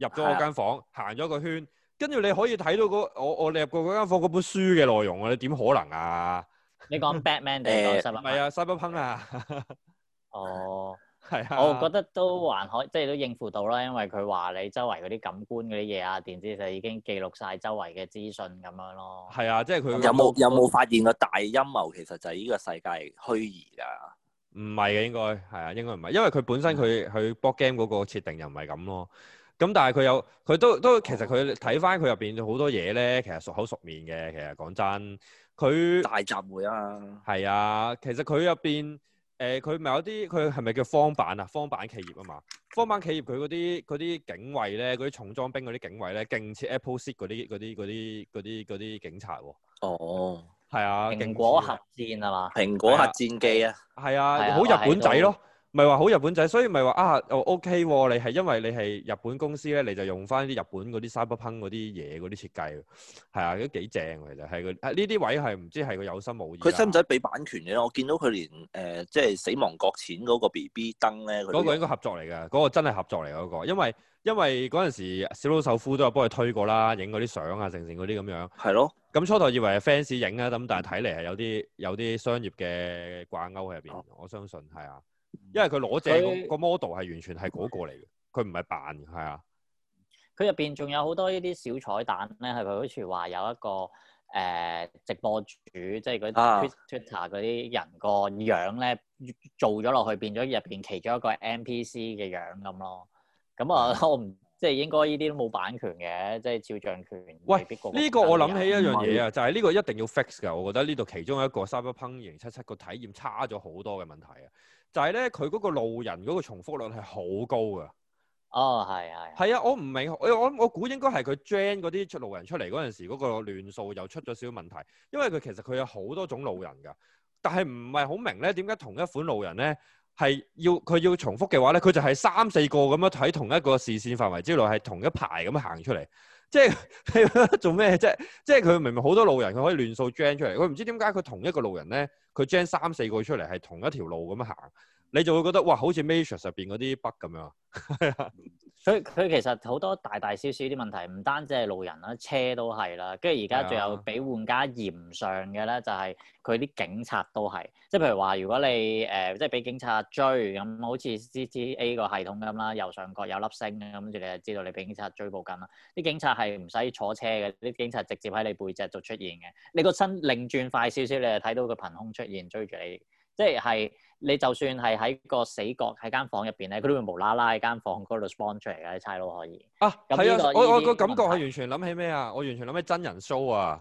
入咗我間房，行咗是、啊、個圈，跟住你可以睇到嗰我我入過嗰間房嗰本書嘅內容啊！你點可能啊？你講 Batman 定係啊、 呃？Cyber< 是>、呃、punk< 是>啊？哦。 係，啊，我覺得都還可，即係都應付到啦。因為佢話你周圍嗰啲感官嗰啲嘢啊，電子就已經記錄晒周圍嘅資訊咁樣咯。係啊，即係佢有冇有冇發現個大陰謀，其實就係呢個世界虛擬㗎。唔係嘅，應該係啊，應該唔係，因為佢本身佢佢 board game 嗰個設定又唔係咁咯。咁但係佢有佢都都其實佢睇翻佢入邊好多嘢咧，其實熟口熟面嘅。其實講真，佢大集會啊，係啊，其實佢入邊。誒佢咪有啲佢係咪叫方板啊？方板企業啊嘛，方板企業佢嗰啲啲警衛咧，嗰啲重裝兵嗰啲警衛咧，勁似 Apple Seed 嗰啲啲啲啲啲警察喎、啊。哦，係啊，蘋果，蘋果核戰啊嘛？蘋果核戰機啊，係啊，好、啊啊、日本仔咯。唔係話好日本仔，所以唔係話啊哦，OK 喎。你係因為你係日本公司咧，你就用翻啲日本嗰啲沙不烹嗰啲嘢嗰啲設計，係啊，都幾正，其實係嗰係呢啲位係唔知係佢有心冇意。佢使唔使俾版權嘅？我見到佢連誒即係死亡擱淺嗰個 B B 燈咧，嗰個應該合作嚟㗎，嗰個真係合作嚟嗰個，因為因為嗰陣時小島秀夫都有幫佢推過啦，影嗰啲相啊，成成嗰啲咁樣係咯。咁初頭以為係 fans 影啊，咁但係睇嚟係有啲有啲商業嘅掛鈎喺入邊，我相信係啊。因為佢攞借個 model 係完全係嗰個嚟嘅，佢唔係扮，嘅，係啊。佢入邊仲有好多呢啲小彩蛋咧，係佢好似話有一個誒、呃、直播主，即係嗰 Twitter 嗰啲人個樣咧做咗落去，變咗入邊其中一個 NPC 嘅樣咁咯。咁啊，我唔即係應該呢啲都冇版權嘅，即係肖像權。喂，呢、這個我諗起一樣嘢啊，是就係呢個一定要 fix 噶。我覺得呢度其中一個 Cyberpunk 2077個體驗差咗好多嘅問題啊。就係咧，佢嗰個路人嗰個重複率係好高噶。哦，係係。係啊，我唔明，我我估應該係佢 gen 嗰啲出路人出嚟嗰陣時，嗰個亂數又出咗少少問題。因為佢其實佢有好多種路人噶，但係唔係好明咧，點解同一款路人咧係要佢要重複嘅話咧，佢就係三四個咁樣喺同一個視線範圍之內係同一排咁行出嚟。即係做咩啫？即係佢明明好多路人，佢可以亂數 gent 出嚟。佢唔知點解佢同一個路人咧，佢 gent 三四個出嚟係同一條路咁行，你就會覺得哇，好似 Mature 上邊嗰啲筆咁樣。 佢佢其實好多大大小小啲問題，唔單止係路人啦，車都係啦。跟住而家仲有俾玩家嫌上嘅咧，就係佢啲警察都係，即係譬如話，如果你誒、呃、即係俾警察追咁，好似 C T A 個系統咁啦，右上角有粒星咁，跟住你就知道你俾警察追捕緊啦。啲警察係唔使坐車嘅，啲警察直接喺你背脊度出現嘅。你個身擰轉快少少，你就睇到佢憑空出現追住你，即係。你就算係喺個死角，喺間房入邊咧，佢都會無啦啦喺間房嗰度 spawn 出嚟嘅，啲差佬可以。啊，係啊，我我個感覺係完全諗起咩啊？我完全諗起真人 show 啊！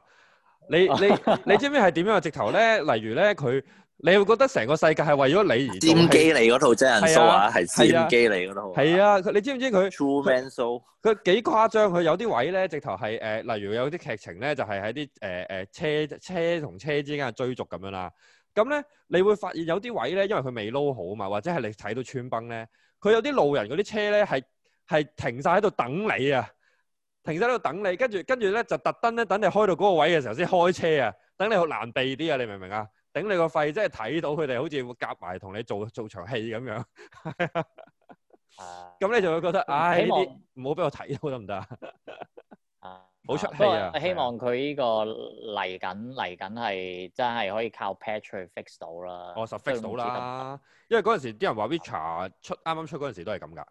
你你你知唔知係點樣啊？直頭咧，例如咧佢，你會覺得成個世界係為咗你而。占基利嗰套真人 show 啊，係占基利嗰套。係啊，你知唔知佢？Truman Show。佢幾誇張？佢有啲位咧，直頭係誒，例如有啲劇情咧，就係喺啲誒誒車車同車之間嘅追逐咁樣啦。咁咧，你會發現有啲位咧，因為佢未撈好啊嘛，或者係你睇到穿崩咧，佢有啲路人嗰啲車咧，係係停曬喺度等你啊，停曬喺度等你，跟住跟住咧就特登咧等你開到嗰個位嘅時候先開車啊，等你好難避啲啊，你明唔明啊？頂你個肺，即係睇到佢哋好似會夾埋同你做做場戲咁樣，咁你就會覺得唉，呢啲唔好俾我睇到得唔得啊？好出氣、啊、希望佢呢個嚟緊嚟緊係真係可以靠 patch 去 fix 到啦。我實、哦、fix 到啦，因為嗰陣時啲人話 Witcher 出啱啱出嗰陣時都係咁㗎。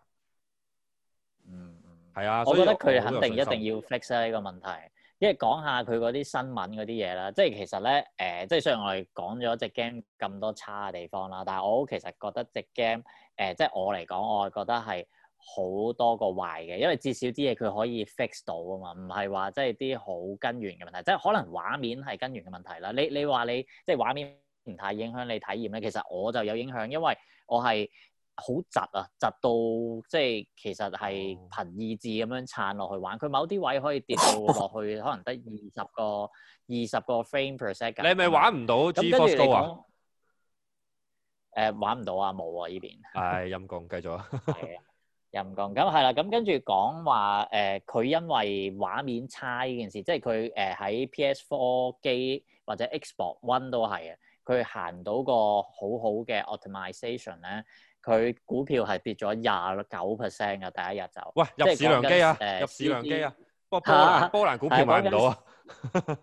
嗯，係啊、嗯。我覺得佢肯定一定要 fix 呢、啊呢個問題，因為講下佢嗰啲新聞嗰啲嘢啦，即係其實咧，誒、呃，即係雖然我哋講咗隻 game 咁多差嘅地方啦，但係我其實覺得隻 game 誒，即係我嚟講，我係覺得係。好多個壞嘅，因為至少啲嘢佢可以 fix 到啊嘛，唔係話即係啲好根源嘅問題，即係可能畫面係根源嘅問題啦。你你話你即係畫面唔太影響你體驗咧，其實我就有影響，因為我係好窒啊，窒到即係其實係憑意志咁樣撐落去玩。佢某啲位可以跌到落去，可能得二十個二十個 frame per second。你係咪 Go?、呃、玩唔到 GeForce 啊？誒，玩唔到啊，冇啊呢邊。係陰公，繼續啊。又唔講咁係啦，咁跟住講話誒，佢、嗯呃、因為畫面差呢件事，即係佢誒喺、呃、PS4 機或者 Xbox One 都係啊，佢行到個好好嘅 optimization 咧，佢股票係跌咗廿九 percent 嘅第一日就。喂，入市良機啊！呃、的入市良機啊！波波蘭股票買唔到啊？啊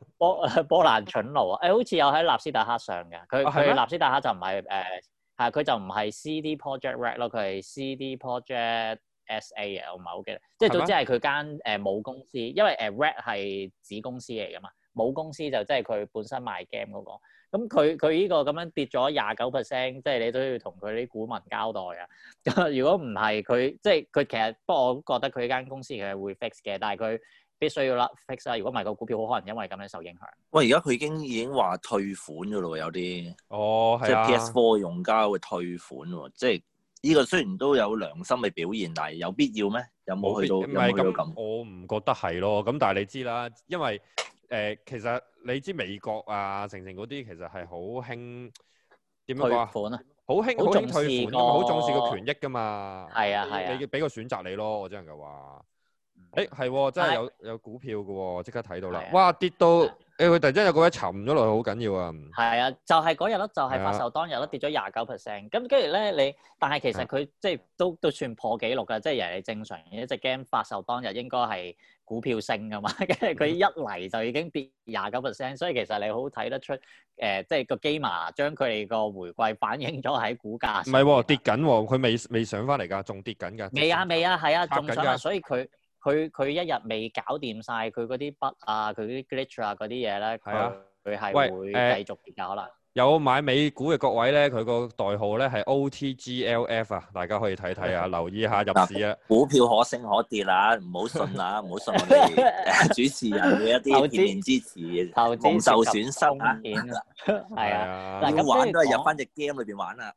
波波蘭蠢佬啊！誒、哎，好似有喺納斯達克上嘅，佢佢納斯達克就唔係誒。呃呃係，佢、啊、就唔係 CD Project Red 咯，佢係 CD Project SA 啊，我唔係好記得。即係的總之係佢間誒母公司，因為誒 Red 係子公司嚟噶嘛，母公司就即係佢本身賣 game 嗰、那個。咁佢佢呢個咁樣跌咗廿九 percent，即係你都要同佢啲股民交代啊！如果唔係，佢即係佢其實，不過我覺得佢依間公司其實會 fix 嘅，但係佢。必須要啦 f i 如果唔係，個股票好可能因為咁樣受影響。喂，而家佢已經已經話退款噶咯，有啲哦，即係 PS Four 用家會退款喎，即係呢個雖然都有良心嘅表現，但係有必要咩？有冇去到有冇咁？我唔覺得係咯。咁但係你知啦，因為誒其實你知美國啊、成成嗰啲其實係好興點樣款啊？好興好重視個好重視個權益噶嘛。係啊係啊，俾俾個選擇你咯，我只能夠話。誒，係真係有有股票嘅，即刻睇到啦。哇，跌到誒，佢突然間有嗰位沉咗落去，好緊要啊！係啊，就係嗰日咯，就係發售當日咯，跌咗廿九 percent。咁跟住咧，你但係其實佢即係都都算破紀錄噶，即係人哋正常一隻 game 發售當日應該係股票升噶嘛。跟住佢一嚟就已經跌廿九 percent，所以其實你好睇得出誒，即係個 gamer 將佢哋個回饋反映咗喺股價。唔係跌緊，佢未未上翻嚟噶，仲跌緊噶。未啊，未啊，係啊，仲上啊，所以佢。佢佢一日未搞掂晒佢嗰啲 bug 啊，佢啲 glitch 啊嗰啲嘢咧，佢係會繼續搞啦、呃。有買美股嘅各位咧，佢個代號咧係 OTGLF 啊，大家可以睇睇啊，留意下入市啊。 股票可升可跌啊，唔好信啊，唔好信我哋主持人嘅一啲片面之詞，投資受損失啊，係啊，要玩都係入翻隻 game 裏邊玩啦。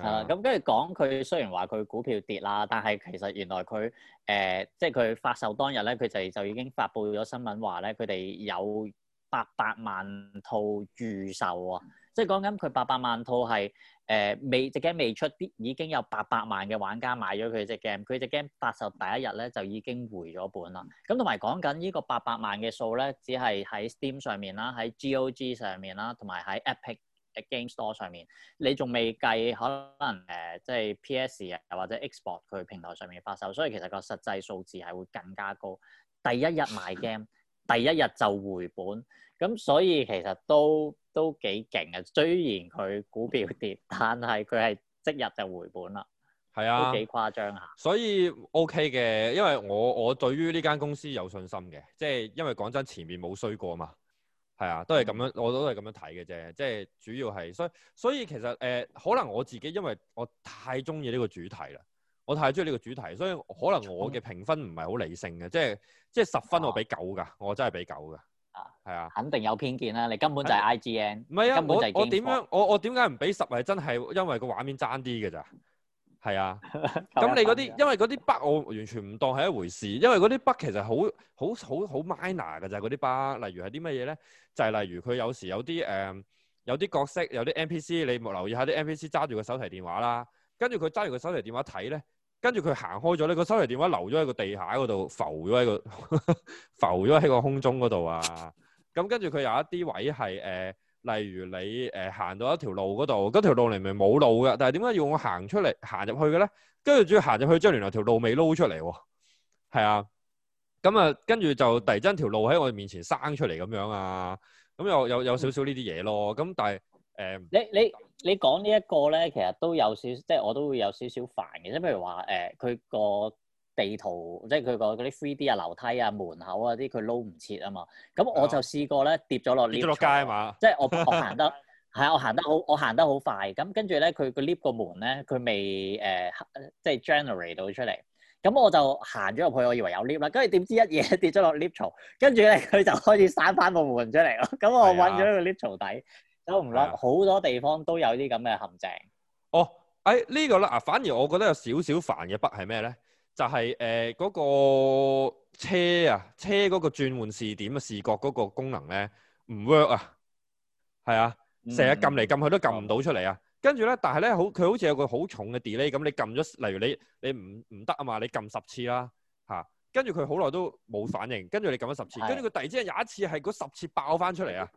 係啦，咁跟住講，佢、嗯嗯、雖然話佢股票跌啦，但係其實原來佢誒，即係佢發售當日咧，佢就就已經發布咗新聞話咧，佢哋有八百萬套預售喎。即係講緊佢八百萬套係誒、呃、未，隻 game 未出啲，已經有八百萬嘅玩家買咗佢隻 game。佢隻 game 發售第一日咧，就已經回咗本啦。咁同埋講緊呢個八百萬嘅數咧，只係喺 Steam 上面啦，喺 GOG 上面啦，同埋喺 Epic，喺 Game Store 上面，你仲未計可能誒、呃，即係 PS 啊或者 Xbox 佢平台上面發售，所以其實個實際數字係會更加高。第一日買 game， 第一日就回本，咁所以其實都都幾勁嘅。雖然佢股票跌，但係佢係即日就回本啦，係啊，都幾誇張嚇。所以 OK 嘅，因為我我對於呢間公司有信心嘅，即係因為講真，前面冇衰過嘛。係啊，都係咁樣，我都係咁樣睇嘅啫。即係主要係，所以所以其實誒、呃，可能我自己因為我太中意呢個主題啦，我太中意呢個主題，所以可能我嘅評分唔係好理性嘅，即係即係十分我俾九噶，哦、我真係俾九噶。啊，係啊，肯定有偏見啦、啊，你根本就係 IGN，唔係啊，啊我我點樣，sport? 我我點解唔俾十？係真係因為個畫面差啲嘅咋。係啊，咁你嗰啲， 因為嗰啲 bug 我完全唔當係一回事，因為嗰啲 bug 其實好好好好 minor 噶就係嗰啲 bug，bug, 例如係啲乜嘢咧？就係、是、例如佢有時有啲誒、呃，有啲角色有啲 NPC，你冇留意下啲 NPC 揸住個手提電話啦，跟住佢揸住個手提電話睇咧，跟住佢行開咗咧，個手提電話留咗喺個地下嗰度，浮咗喺個 浮咗喺個空中嗰度啊，咁跟住佢有一啲位係誒。呃例如你誒行、呃、到一條路嗰度，嗰條路明明冇路㗎，但係點解要我行出嚟行入去嘅咧？跟住仲要行入去，將原來條路未撈出嚟喎，係啊，咁、嗯、啊，跟住就突然間條路喺我哋面前生出嚟咁樣啊，咁又有有少少呢啲嘢咯，咁但係誒，你你你講呢一個咧，其實都有少即係、就是、我都會有少少煩嘅，啫。譬如話誒，佢、呃那個。地圖即係佢個嗰啲 three D 啊、樓梯啊、門口啊啲，佢撈唔切啊嘛。咁我就試過咧，跌咗落落街啊嘛。即係我 我行得係啊，我行得好，我行得好快。咁跟住咧，佢佢 lift 個門咧，佢未誒、呃、即係 generate 到出嚟。咁我就行咗入去，我以為有 lift 啦。跟住點知一嘢跌咗落 lift 槽，跟住咧佢就開始散翻個門出嚟咯。咁呀我搵咗個 lift 槽底，走唔甩。好多地方都有啲咁嘅陷阱。哦，誒、哎、呢、這個咧啊，反而我覺得有少少煩嘅不係咩咧？就係誒嗰個車啊，車嗰個轉換視點啊，視覺嗰個功能咧唔 work 啊，係啊，成日撳嚟撳去都撳唔到出嚟啊。跟住咧，但係咧好，佢好似有個好重嘅 delay，咁你撳咗，例如你你唔唔得啊嘛，你撳十次啦嚇，跟住佢好耐都冇反應，跟住你撳咗十次，跟住佢突然之間有一次係嗰十次爆翻出嚟啊，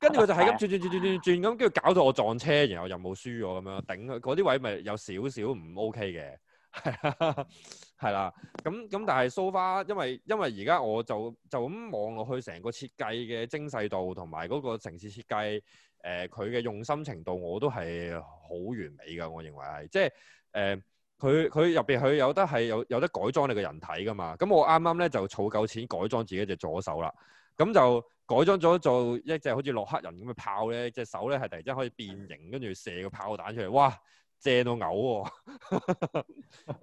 跟住佢就係咁轉轉轉轉轉轉咁，跟住搞到我撞車，然後又冇輸咗咁樣，頂佢嗰啲位咪有少少唔 OK 嘅。係啦，咁咁， 但係 so far，因為因為而家我就就咁望落去，成個設計嘅精細度同埋嗰個城市設計，誒、呃，佢嘅用心程度，我都係好完美噶，我認為係，即係，誒、呃，佢佢入邊佢有得係有有得改裝你嘅人體噶嘛，咁我啱啱咧就儲夠錢改裝自己隻左手啦，咁就改裝咗做一隻好似洛克人咁嘅炮咧，隻手咧係突然之間可以變形，跟住射個炮彈出嚟，哇！正到嘔喎，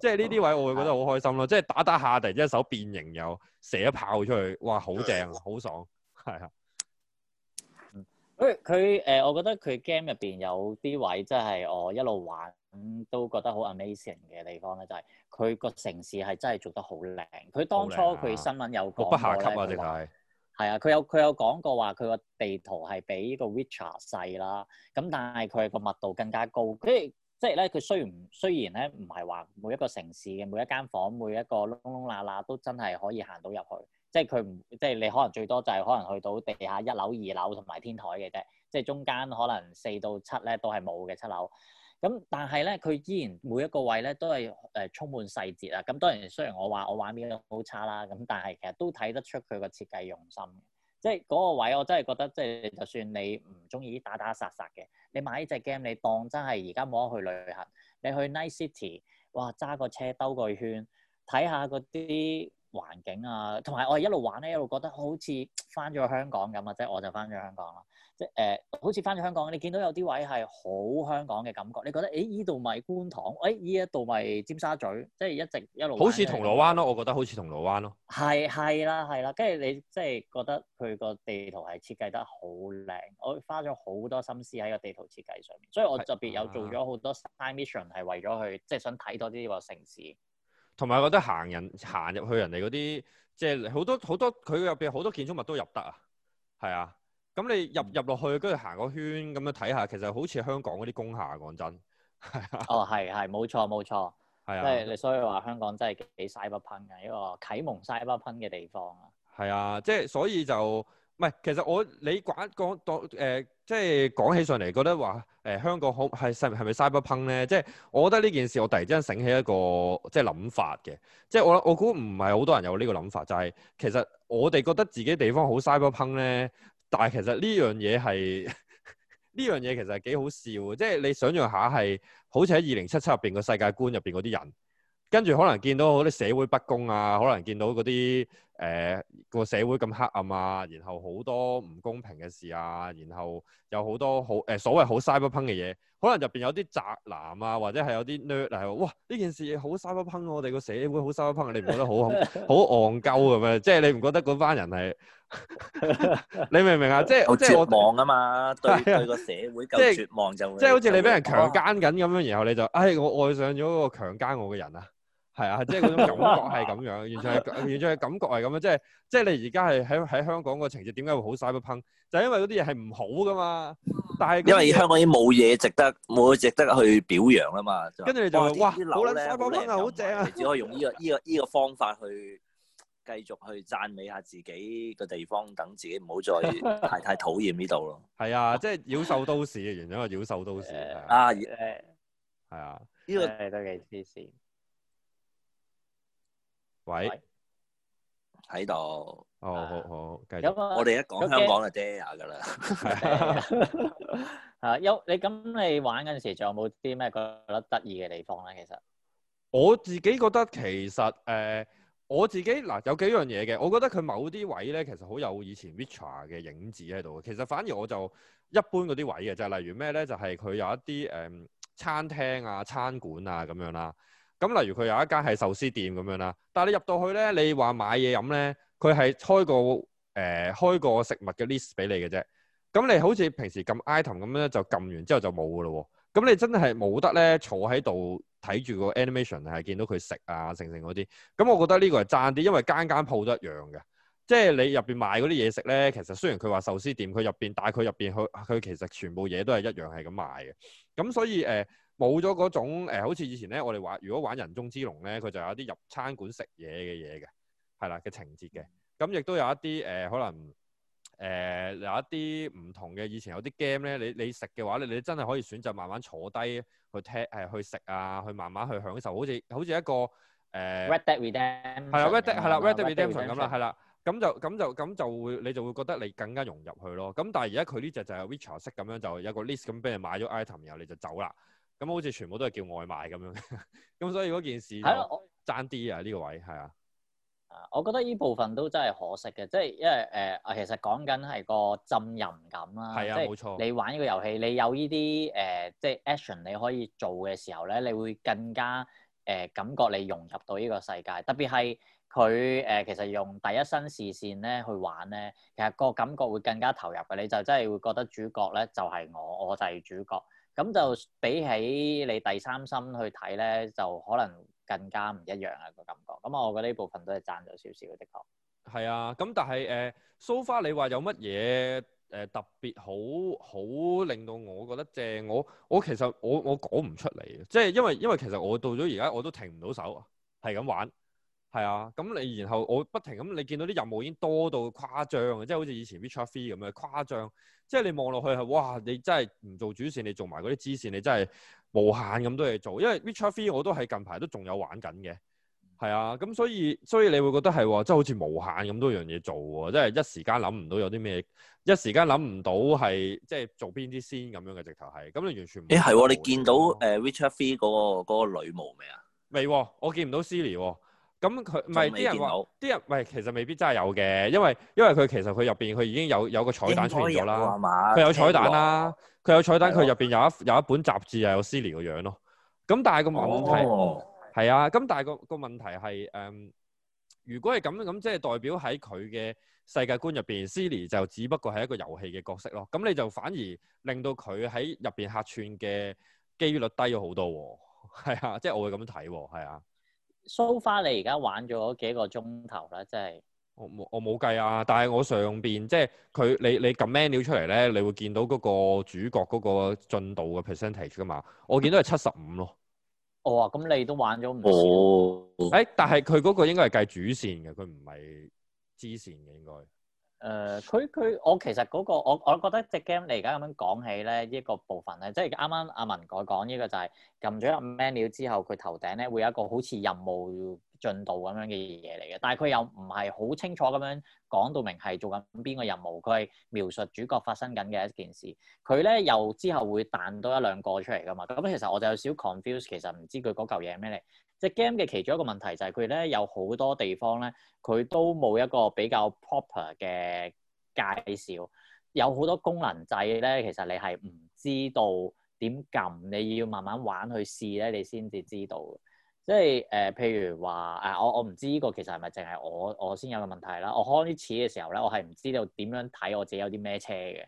即係呢啲位我會覺得好開心咯！即係打打下，突然一手變形又射一炮出去，哇！好正，好爽，係啊。嗯，佢佢誒，我覺得佢 game 入邊有啲位真係、即係、我一路玩都覺得好 amazing 嘅地方咧，就係佢個城市係真係做得好靚。佢當初佢新聞有講，啊、不下級啊，正太說。係啊是，佢有佢有講過話，佢個地圖係比呢個 Witcher 細啦，咁但係佢個密度更加高，跟住。即係咧，佢雖然雖然咧，唔係話每一個城市嘅每一間房，每一個窿窿罅罅都真係可以行到入去。即係佢唔，即係你可能最多就係可能去到地下一樓、二樓同埋天台嘅啫。即係中間可能四到七咧都係冇嘅七樓。咁但係咧，佢依然每一個位咧都係誒充滿細節啊。咁當然雖然我話我畫面好差啦，咁但係其實都睇得出佢個設計用心。即係嗰個位，我真係覺得，即係就算你唔中意啲打打殺殺嘅，你買呢隻 game，你當真係而家冇得去旅行。你去 Night City，哇！揸個車兜個圈，睇下嗰啲環境啊，同埋我係一路玩咧，一路覺得好似翻咗香港咁啊！即係我就翻咗香港啦。即係誒，好似返咗香港，你見到有啲位係好香港嘅感覺。你覺得誒，依度咪觀塘？誒、哎，依一度咪尖沙咀？即係一直一路。一好似銅鑼灣咯，就是、我覺得好似銅鑼灣咯。係係啦係啦，跟住你即係、就是、覺得佢個地圖係設計得好靚，我花咗好多心思喺個地圖設計上面。所以我特別有做咗好多 mission 係為咗去，啊、即係想睇多啲呢個城市。同埋、啊、我覺得行人行入去人哋嗰啲，即係好多好多佢入邊好多建築物都入得啊，係啊。咁你入入落去，跟住行個圈咁樣睇下，其實好似香港嗰啲工廈講真。 哦，係係，冇錯冇錯。係啊，啊，即係你所以話香港真係幾 Cyberpunk 嘅一個啟蒙 Cyberpunk 嘅地方啊。係啊，即係所以就唔係，其實我你講講到，誒、呃，即係講起上嚟覺得話誒、呃、香港好係係咪 Cyberpunk 咧？即係我覺得呢件事，我突然之間醒起一個即係諗法嘅，即係我我估唔係好多人有呢個諗法，就係、是、其實我哋覺得自己地方好 Cyberpunk 咧。但係其實呢樣嘢係，呢樣嘢其實係幾好笑，即係你想象下係，好似喺二零七七入邊個世界觀入邊嗰啲人，跟住可能見到好啲社會不公啊，可能見到嗰啲誒個社會咁黑暗啊，然後好多唔公平嘅事啊，然後有好多好誒、呃、所謂好 cyberpunk 嘅嘢。可能入邊有啲宅男啊，或者係有啲虐啊，哇！呢件事好沙一烹、啊，我哋個社會好沙一烹、啊，你唔覺得好好戇鳩咁樣？即係你唔覺得嗰班人係你明唔明啊？即係即係絕望啊嘛，對對個社會咁係絕望就、就是、即係好似你俾人強奸緊咁樣，然後，然後你就唉、哎，我愛上咗個強奸我嘅人啊！係啊，即係嗰種感覺係咁樣，完全係完全係感覺係咁樣，即係即係你而家係喺喺香港個情節點解會好嘥不烹？就係因為嗰啲嘢係唔好噶嘛。但係因為香港已經冇嘢值得冇嘢值得去表揚啊嘛。跟住就哇，啲樓咧好正啊！只可以用呢個呢個呢個方法去繼續去讚美下自己個地方，等自己唔好再太太討厭呢度咯。係啊，即係妖獸都市嘅原因係妖獸都市啊！係啊，呢個你得幾黐線。喂，喺度。哦、oh，好好，繼續。嗯、我哋一講 Okay. 香港就 dead 噶啦。係啊，有你咁你玩嗰陣時，仲有冇啲咩覺得得意嘅地方咧？其實我自己覺得，其實誒、呃，我自己嗱、呃、有幾樣嘢嘅。我覺得佢某啲位咧，其實好有以前 Witcher 嘅影子喺度。其實反而我就一般嗰啲位嘅，就係例如咩咧，就係佢有一啲誒、呃、餐廳啊、餐館啊咁樣啦、啊。咁例如佢有一間係壽司店咁樣啦，但係你入到去咧，你話買嘢飲咧，佢係開個誒、呃、開個食物嘅 list 俾你嘅啫。咁你好似平時撳 item 咁樣咧，就撳完之後就冇噶咯喎。咁你真係冇得咧，坐喺度睇住個 animation 係見到佢食啊成成嗰啲。咁我覺得呢個係爭啲，因為間間鋪都一樣嘅，即係你入邊買嗰啲嘢食咧，其實雖然佢話壽司店，佢入邊但係佢入邊佢佢其實全部嘢都係一樣係咁賣嘅。咁所以誒。呃冇咗嗰種、呃、好似以前咧，我哋玩如果玩人中之龍咧，佢就有啲入餐館食嘢嘅嘢嘅，係啦嘅情節嘅。咁亦都有一啲誒、呃，可能誒、呃、有一啲唔同嘅。以前有啲 game 咧，你你食嘅話咧，你真係可以選擇慢慢坐低去聽誒去食啊，去慢慢去享受，好似好似一個誒、呃。Red Dead Redemption 係啦咁啦，係啦，咁就咁就咁就會你就會覺得你更加融入去咯。咁但係而家佢呢隻就係 Richard 式咁樣，就有個 list 咁俾人買咗 item，然後你就走啦。咁好似全部都係叫外賣咁樣，咁 所以嗰件事爭啲啊呢個位係啊，啊，我，啊我覺得呢部分都真係可惜嘅，即係因為誒、呃，其實講緊係個浸淫感啦，係啊、冇錯、你玩呢個遊戲，你有呢啲誒，即係 action 你可以做嘅時候咧，你會更加誒、呃、感覺你融入到呢個世界，特別係佢誒其實用第一身視線咧去玩咧，其實個感覺會更加投入嘅，你就真係會覺得主角咧就係、是、我，我就係主角。咁就比起你第三心去睇咧，就可能更加唔一樣啊，個感覺。咁啊，我覺得呢部分都係贊咗少少嘅，的確。係啊，咁但係誒，蘇花，你話有乜嘢誒特別好好令到我覺得正？我、我其實我、我講唔出嚟嘅，即係因為因為其實我到咗而家我都停唔到手啊，係咁玩。係啊，咁你然後我不停咁，你見到啲任務已經多到誇張啊。即係好似以前《Witcher 3》咁樣誇張，即係你望落去係哇，你真係唔做主線，你做埋嗰啲支線，你真係無限咁多嘢做。因為《Witcher 3》我都係近排都仲有玩緊嘅，係啊，咁所以所以你會覺得係即係好似無限咁多樣嘢做喎，即係一時間諗唔到有啲咩，一時間諗唔到係即係做邊啲先咁樣嘅直頭係咁，你完全唔係、欸啊、你見到誒 Rich、嗰個《Witcher 3》嗰個女巫未啊？未，我見唔到 Ciri。咁佢唔係啲人話啲人喂，其實未必真係有嘅，因為因為佢其實佢入邊佢已經有有個彩蛋出現咗啦，佢有，有彩蛋啦，佢有，有彩蛋，佢入邊有一有一本雜誌又有 Siri 個樣咯。咁但係個問題係啊，咁、哦、但係個個問題係誒、嗯，如果係咁咁，即、就、係、是、代表喺佢嘅世界觀入邊，Siri 就只不過係一個遊戲嘅角色咯。咁你就反而令到佢喺入邊客串嘅機率低咗好多喎。係啊，即係我會咁樣睇喎。係啊。so far 你而家玩咗幾個鐘頭咧，即係我冇我冇計啊！但係我上邊即係佢你你撳 menu 出嚟咧，你會見到嗰個主角嗰個進度嘅 percentage 㗎嘛？我見到係七十五咯。哦，話咁你都玩咗唔少、哦欸。但係佢嗰個應該係計主線嘅，佢唔係支線嘅應該。誒佢佢我其實嗰個我我覺得隻 game 你而家咁樣講起咧，一個部分咧，即係啱啱阿文講講呢個就係撳咗入 menu 之後，佢頭頂咧會有一個好似任務進度咁樣嘅嘢嚟嘅，但係佢又唔係好清楚咁樣講到明係做緊邊個任務，佢係描述主角發生緊嘅一件事。佢咧又之後會彈多一兩個出嚟噶嘛，咁其實我就有少少 confuse，其實唔知佢嗰嚿嘢係咩嚟。即 game 嘅其中一個問題就係佢咧有好多地方咧，佢都冇一個比較 proper 嘅介紹，有好多功能掣咧，其實你係唔知道點撳，你要慢慢玩去試咧，你先至知道。即係誒、呃，譬如話誒、啊，我我唔知呢個其實係咪淨係我我先有嘅問題啦。我開呢次嘅時候咧，我係唔知道點樣睇我自己有啲咩車嘅。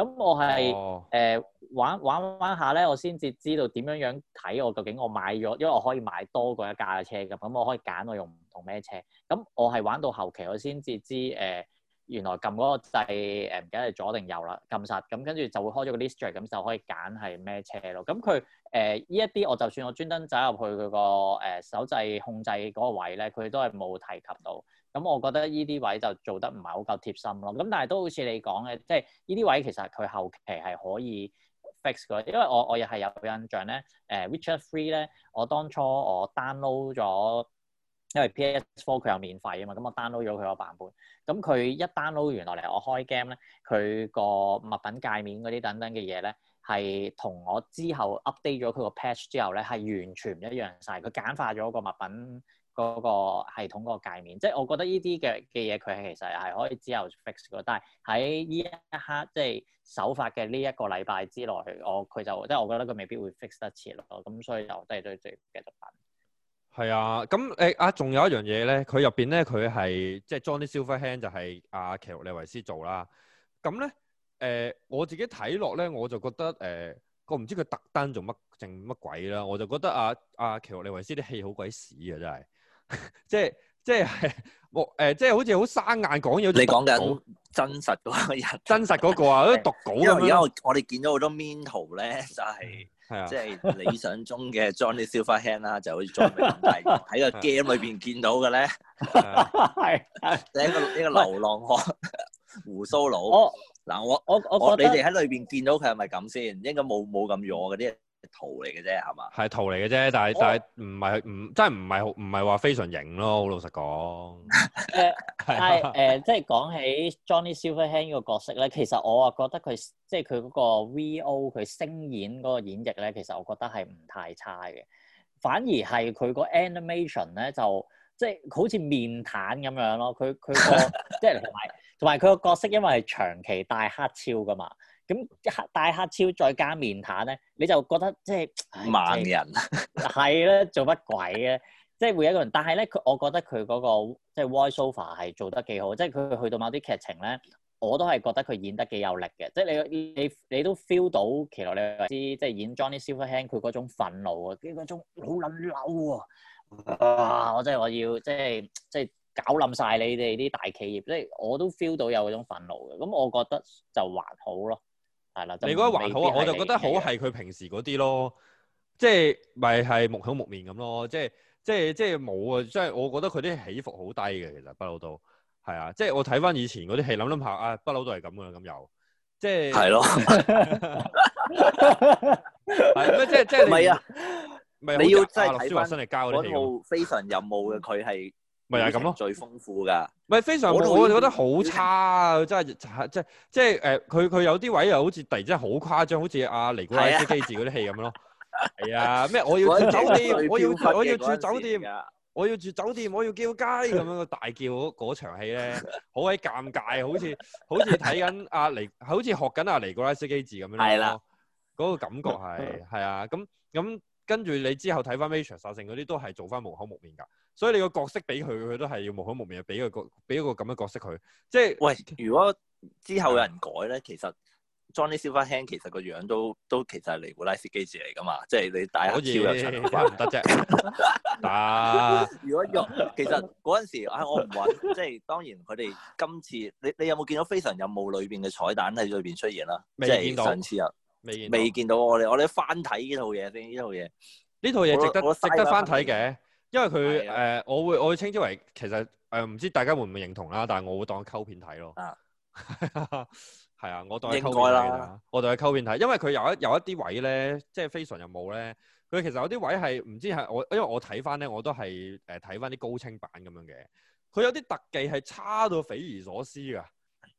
咁我係誒、呃、玩玩玩下咧，我先至知道點樣樣睇我究竟我買咗，因為我可以買多過一架車噶，咁我可以揀我用唔同咩車。咁我係玩到後期，我先至知誒、呃、原來撳嗰個掣誒唔記得係左定右啦，撳實咁，跟住就會開咗個 list 咁就可以揀係咩車咯。咁佢誒呢一啲我就算我專登走入去佢、個、呃、手掣控制嗰個位咧，佢都係冇提及到。咁、嗯、我覺得依啲位就做得唔係好夠貼心咯。咁、嗯、但係都好似你講嘅，即係依啲位其實佢後期係可以 fix 嗰，因為我我也係有印象咧。誒，Richard Free 咧，我當初我 download 咗，因為 PS4 佢有免費啊嘛，咁、嗯、我 download 咗佢個版本。咁、嗯、佢一 download 完落嚟，我開 game 咧，佢個物品界面嗰啲等等嘅嘢咧，係同我之後 update 咗佢個 patch 之後咧，係完全唔一樣晒。佢簡化咗個物品。嗰個系統個界面，即係我覺得呢啲嘅嘅嘢，佢係其實係可以之後 fix 嘅。但係喺呢一刻，即係首發嘅呢一個禮拜之內，我佢就即係我覺得佢未必會 fix 得切咯。咁、嗯、所以就都係都都繼續等。係啊，咁誒啊，仲、呃、有一樣嘢咧，佢入邊咧，佢係即係 Johnny Silverhand 就係阿、啊、奇洛李維斯做啦。咁咧誒，我自己睇落咧，我就覺得誒、啊，我唔知佢特登做乜，整乜鬼啦。我就覺得阿阿奇洛李維斯啲戲好鬼屎啊，真係～即係即係我誒，即係好似好生硬講嘢。你講嘅真實嗰個人，真實嗰個啊，都讀稿。因為而家我我哋見咗好多 Mean 圖咧，就係即係理想中嘅 Johnny Silverhand 啦，就好似做唔大喺個 game 裏邊見到嘅咧，係一個一個流浪漢鬍鬚佬。嗱，我我我你哋喺裏邊見到佢係咪咁先？應該冇冇咁弱嗰啲。圖嚟嘅啫，係嘛？係圖嚟嘅啫，但係我但係唔係唔真係唔係唔係話非常型咯，好老實講。誒，係誒，即係講起 Johnny Silverhand 呢個角色咧，其實我啊覺得佢即係佢嗰個 V.O. 佢聲演嗰個演繹咧，其實我覺得係唔太差嘅。反而係佢個 animation 咧，就即係好似面癱咁樣咯。佢佢、個， 即係同埋同埋佢個角色，因為係長期戴黑超噶嘛。咁黑戴黑超再加面癱咧，你就覺得即係盲人，係 啦，做乜鬼嘅？即係會有一個人，但係咧，佢我覺得佢嗰、那個即係 voice over 係做得幾好，即係佢去到某啲劇情咧，我都係覺得佢演得幾有力嘅。即、就、係、是、你你你都 feel 到其實你知，即係、就是、演 Johnny Silverhand 佢嗰種憤怒種老老老老啊，即係嗰種好撚嬲喎！啊，我真係我要即係即係搞冧晒你哋啲大企業，即、就、係、是、我都 feel 到有嗰種憤怒嘅。咁我覺得就還好咯。係啦，你覺得還好啊？我就覺得好係佢平時嗰啲咯，即係咪係木口木面咁咯？即係即係即係冇啊！即係我覺得佢啲起伏好低嘅，其實不嬲都係啊！都都即係我睇翻以前嗰啲戲諗諗下啊，不嬲都係咁噶啦咁又，即係係咯，係咩？即係即係唔係啊？唔係你要即係睇翻嗰套《非常任務》嘅佢係。咪又係咁咯，最豐富噶。咪非常，我就覺得好差，真係即係即係誒，佢佢有啲位又好似突然之間好誇張，好似阿尼古拉斯基治嗰啲戲咁咯。係啊，咩？我要住酒店，我要我要住酒店，我要住酒店，我要叫街咁樣嘅大叫嗰嗰場戲咧，好鬼尷尬，好似好似睇緊阿尼，好似學緊阿尼古拉斯基治咁樣咯。係啦，嗰個感覺係係啊，咁咁。跟住你之後睇翻 Misha、沙盛嗰啲都係做翻無口無面㗎，所以你個角色俾佢，佢都係要無口無面嘅，俾個角，俾一個咁嘅角色佢。即係，喂，如果之後有人改咧，嗯、其實 Johnny Silverhand 其實個樣都都其實係尼古拉斯基治嚟㗎嘛，即係你大黑超又出嚟，唔得啫。打。 如果用，其實嗰陣時，我唔揾，即係當然佢哋今次，你你，你有冇見到《非常任務》裏邊嘅彩蛋喺裏邊出現啦？未見到。未見未見到我哋，我哋翻睇呢套嘢先，呢套嘢呢套嘢值得的值得翻睇嘅，因為佢誒的、呃，我會我會稱之為其實誒，唔、呃、知大家會唔會認同啦，但係我會當溝片睇咯。係啊， 我當片應該啦，我當係溝片睇，因為佢有一有一啲位咧，即係非常任務咧，佢其實有啲位係唔知係我，因為我睇翻咧，我都係誒睇翻啲高清版咁樣嘅，佢有啲特技係差到匪夷所思㗎，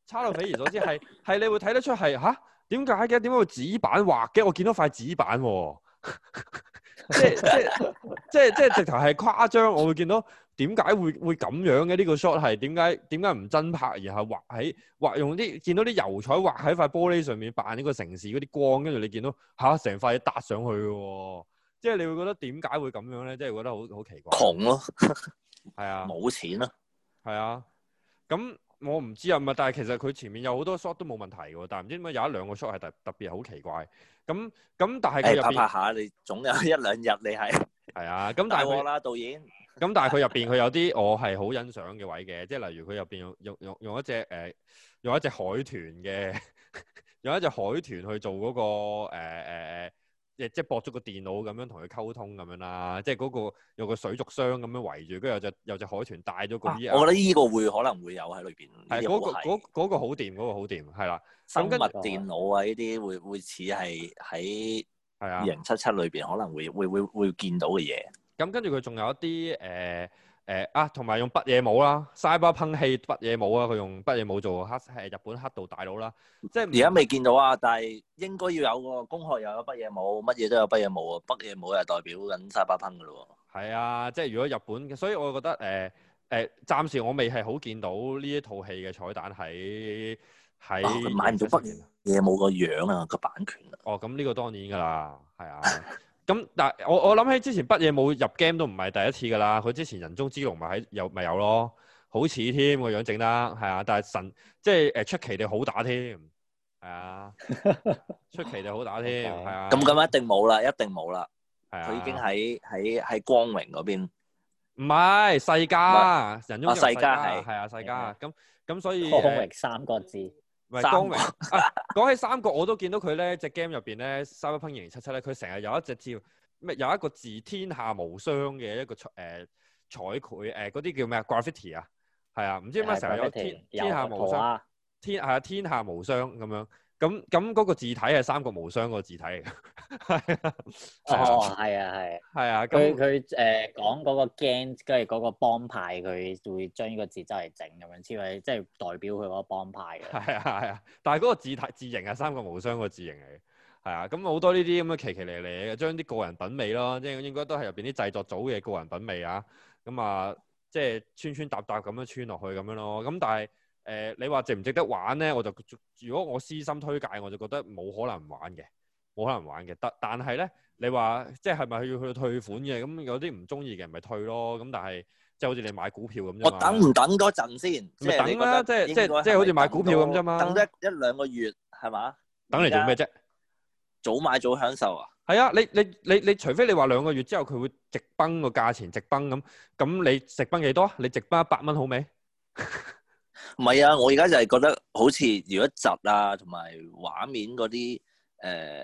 差到匪夷所思係係 你會睇得出係吓。啊點解嘅？點解個紙板畫嘅？我見到塊紙板，即即即即直頭係誇張。我會見到點解會會咁樣嘅、啊、呢、呢個 shot 係點解？點解唔真拍而係畫喺畫用啲見到啲油彩畫喺塊玻璃上面扮呢個城市嗰啲光，跟住你見到吓，成、啊、塊嘢搭上去嘅、啊，即係你會覺得點解會咁樣咧？即、就、係、是、覺得好好奇怪。窮咯，係啊，冇 錢啊，係啊，咁。我唔知啊，唔係，但係其實佢前面有好多 shot 都冇問題嘅，但係唔知點解有一兩個 shot 係特特別好奇怪。咁咁，但係佢拍拍下，你總有一兩日你係係啊。咁但係我啦，導演。咁 但係佢入邊佢有啲我係好欣賞嘅位嘅，即係例如佢入邊用用用用一隻誒、呃、用一隻海豚嘅用一隻海豚去做嗰、那個誒誒、呃呃即係駁咗個電腦咁樣同佢溝通咁樣啦，即係嗰個用個水族箱咁樣圍住，跟住有隻有隻海豚帶咗個、啊。我覺得呢個會可能會有喺裏邊。係嗰對、嗰個好掂，嗰個好掂，係、那、啦、個。生物電腦啊，呢啲、哦、會會似係喺係啊《二零七七》裏邊可能會、啊、會會會見到嘅嘢。咁跟住佢仲有一啲誒。呃誒啊，同埋用北野武啦，Cyberpunk 嘅北野武啊，佢用北野武做黑誒日本黑道大佬啦。即係而家未見到啊，但係應該要有喎，中學又有北野武，乜嘢都有北野武啊，北野武又代表緊 Cyberpunk 噶咯。係啊，即係如果日本，所以我覺得誒誒，暫、呃呃、時我未係好見到呢一套戲嘅彩蛋喺喺、啊、買唔到北野武個樣啊個版權啊。哦，咁呢個當然噶啦，係啊。 咁但係我我諗起之前不夜冇入 game 都唔係第一次噶啦，佢之前人中之龍咪喺有咪有咯，好似添個樣整得，係啊，但係神即係誒，出奇哋好打添，係啊，出奇哋好打添，係啊。咁咁一定冇啦，一定冇啦，佢、啊、已經喺喺喺光榮嗰邊，唔係世嘉人中之龍世嘉，係係啊世嘉，咁咁、啊啊、所以。光榮三個字。 唔係《三 啊，講起《三國》，我都見到佢咧隻 game 入邊咧《Cyberpunk 2077》咧，佢成日有一隻字，咩有一個字天下無雙嘅一個出、呃、彩繪誒嗰啲叫咩啊？《graffiti 啊，係啊，唔知點解成日有天天，天下無雙，天係啊天下無雙咁樣。咁咁嗰個字體係《三國無雙》個字體嚟㗎，係、 哦、啊，哦，係啊，係，係啊，佢佢誒講嗰個 game 即係嗰個幫派，佢會將呢個字周圍整咁樣，即係代表佢嗰個幫派嘅。係啊，係啊，但係嗰個字體字型係《三國無雙》個字形嚟嘅，係啊，咁好多呢啲咁嘅奇奇咧咧嘅，將啲個人品味咯，即係應該都係入邊啲製作組嘅個人品味啊，咁啊，即係穿穿搭搭咁樣穿落去咁樣咯，咁但係。誒、呃，你話值唔值得玩咧？我就如果我私心推介，我就覺得冇可能唔玩嘅，冇可能唔玩嘅。但但係咧，你話即係咪要去到退款嘅？咁有啲唔中意嘅，咪退咯。咁但係即係好似你買股票咁樣。我等唔等嗰陣先？即係是等啦、啊，即係即係即係好似買股票咁啫嘛。等一一兩個月係嘛？等嚟做咩啫？早買早享受啊！係啊，你你你你，你除非你話兩個月之後佢會直崩個價錢，直崩咁，咁你直崩幾多？你直崩一百蚊好未？ 唔係啊，我而家就係覺得好似如果疾啊，同埋畫面嗰啲，誒、呃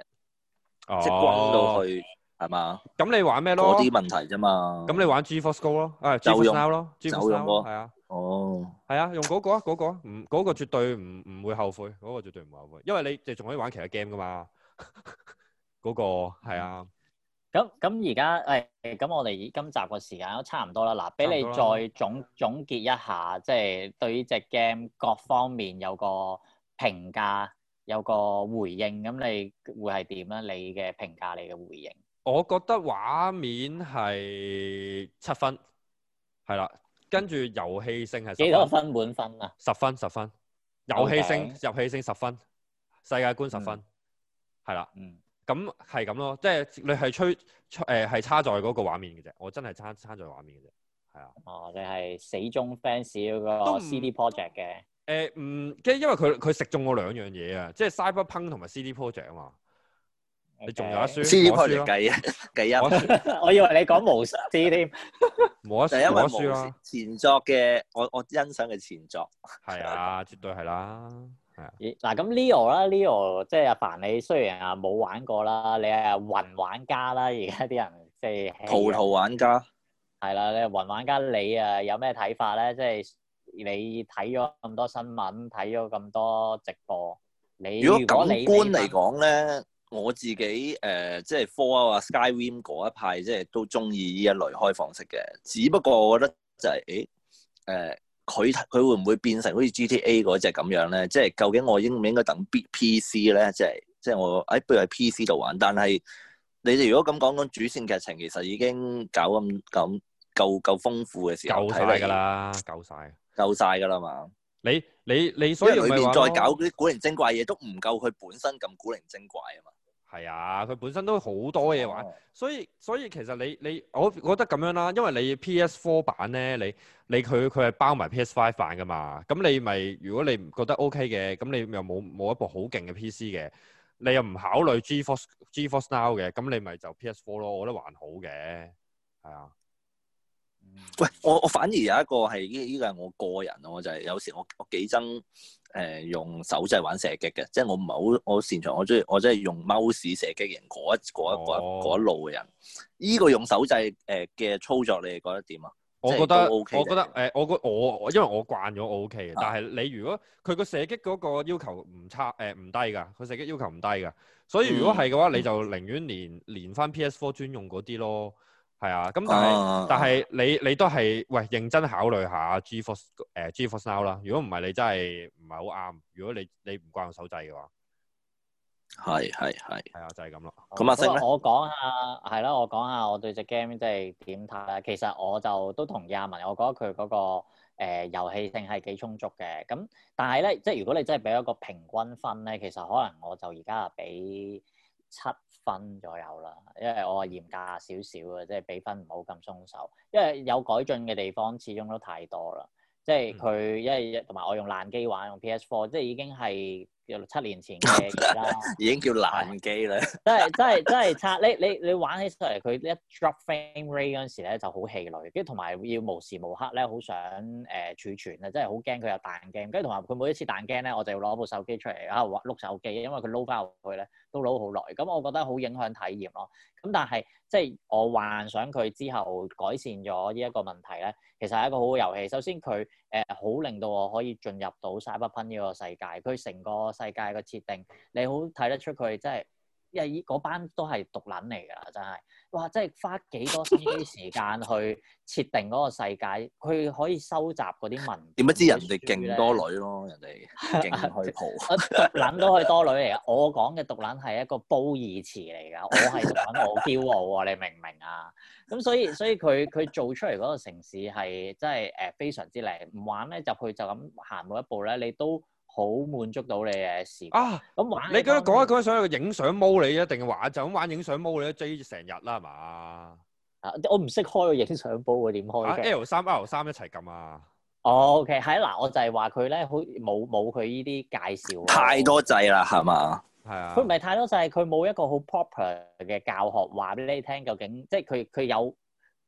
哦、即係光到去係嘛？咁你玩咩咯？嗰啲問題啫嘛。咁、嗯嗯、你玩 Geforce Go 咯？Geforce Now 咯，Geforce Now 係啊。哦。係啊，用嗰個啊，嗰、嗰個、啊，唔，嗰個絕對唔唔會後悔，嗰、嗰個絕對唔後悔，因為你仲可以玩其他 game 噶嘛。嗰、 嗰個係啊。咁咁而家誒，咁我哋今集個時間都差唔多啦。嗱，俾你再總總結一下，即係對於隻 game 各方面有個評價，有個回應。咁你會係點咧？你嘅評價，你嘅回應。我覺得畫面係七分，係啦。跟住遊戲性係幾多分滿分啊？十分，十分。遊戲性遊戲性十分，世界觀十分，係啦。嗯。咁係咁咯，即係你係吹吹誒，係差在嗰個畫面嘅啫。我真係差差在畫面嘅啫，係啊。哦，你係死忠 fans 嗰個 CD project 嘅、嗯。誒、呃，唔、呃，即係因為佢佢食中我兩樣嘢啊，即係 Cyberpunk 同埋 CD project 啊嘛。你仲有一書？CD project 計一計一， 我以為你講無書添。冇啊， 就因為無前作嘅，我我欣賞嘅前作，係 啊，絕對係啦。係，嗱咁 Leo 啦，Leo 即係阿凡你，雖然啊冇玩過啦，你係雲玩家啦，而家啲人即係土豪玩家係啦，你係雲玩家你啊有咩睇法咧？即、就、係、是、你睇咗咁多新聞，睇咗咁多直播，你如果感官嚟講咧，我自己誒、呃，即係 Four 啊 Skyrim 嗰一派，即係都中意呢一類開放式嘅。只不過我覺得就係、是、誒，誒、欸。呃佢佢會唔會變成好似 GTA 嗰隻咁樣咧？即係究竟我應唔應該等 PC 咧？即係即係我喺、哎、不如喺 PC 度玩。但係你哋如果咁講講主線劇情，其實已經搞咁咁夠夠豐富嘅時候，夠睇㗎啦，你夠晒了！夠晒㗎啦嘛！了你你你，所以裏面再搞啲古靈精怪嘢都唔夠佢本身咁古靈精怪啊嘛！係啊，佢本身都好多嘢玩，所以所以其實你你我覺得咁樣啦，因為你 PS Four 版咧，你你佢佢係包埋 PS Five 版噶嘛，咁你咪如果你唔覺得 OK 嘅，咁你又冇冇一部好勁嘅 PC 嘅，你又唔考慮 GeForce GeForce Now 嘅，咁你咪就 PS Four 咯，我覺得還好嘅，係啊。喂，我我反而有一個係呢依個係我個人，啊，我就係、是、有時我我幾憎誒用手掣玩射擊嘅，即係我唔係好我擅長，我中意我即係用 mouse 射擊型嗰一嗰一一路嘅人。呢、哦、個用手掣誒嘅、呃、操作，你哋覺得點啊？我覺得、OK、我覺得誒、呃，我我我因為我慣咗我 O K 嘅，但係你如果佢個射擊嗰個要求唔差誒唔、呃、低㗎，佢射擊要求唔低㗎，所以如果係嘅話，你就寧願連連翻 P S Four 專用嗰啲咯。係啊，咁但係、啊、但係你你都係喂認真考慮下 Geforce、呃、Geforce Now 啦，如果唔係你真係唔係好啱，如果你你唔慣用手掣嘅話，係係係，係啊就係咁咯。咁啊，所以，我講下係啦，我講下我對隻 game 即係點睇啊。其實我就都同意阿文，我覺得佢嗰個遊戲性係幾充足嘅。咁但係咧，即係如果你真係俾一個平均分咧，其實可能我就而家俾七。分左右啦，因為我係嚴格少少嘅，即係比分唔好咁鬆手，因為有改進嘅地方始終都太多啦。即係佢、嗯、因為同埋我用爛機玩，用 PS4，即係已經係六七年前嘅機啦， 已經叫爛機啦。即係真係真係刷你你你玩起出嚟，佢一 drop frame rate 嗰陣時咧就好氣餒，跟住同埋要無時無刻咧好想誒、呃、儲存啊，真係好驚佢有彈 game 跟住同埋佢每一次彈 game 咧，我就要攞部手機出嚟啊玩碌手機，因為佢撈翻落去咧。好耐，咁我覺得好影響體驗咯。咁但係即係我幻想佢之後改善咗呢一個問題咧，其實係一個好好遊戲。首先佢誒好令到我可以進入到《Cyberpunk》呢個世界，佢成個世界嘅設定，你好睇得出佢即係因為嗰班都係毒撚嚟㗎喇，真係。哇！真係花幾多 C G 時間去設定嗰個世界，佢可以收集嗰啲文點解知人哋勁多女咯？ 人哋勁去蒲，獨 撚 都係多女嚟嘅。我講嘅獨撚係一個褒義詞嚟㗎。我係獨撚，我好驕傲喎、啊！你明唔明啊？咁所以所以佢佢做出嚟嗰個城市係真係誒非常之靚。唔玩咧，入去就咁行每一步咧，你都～好滿足到你嘅視覺啊！咁玩你，你覺得講一講開，想去影相摸你一定玩，就咁玩影相摸你都追住成日啦，係嘛？啊！我唔識開個影相煲我點開 L 三 L 三一齊撳啊！OK，哦係啊！嗱、啊，oh, okay. yeah, 我就係話佢咧，好冇冇佢呢啲介紹太多掣啦，係嘛？係啊！佢唔係太多掣，佢冇一個好 proper 嘅教學，話俾你聽究竟，即係佢佢有。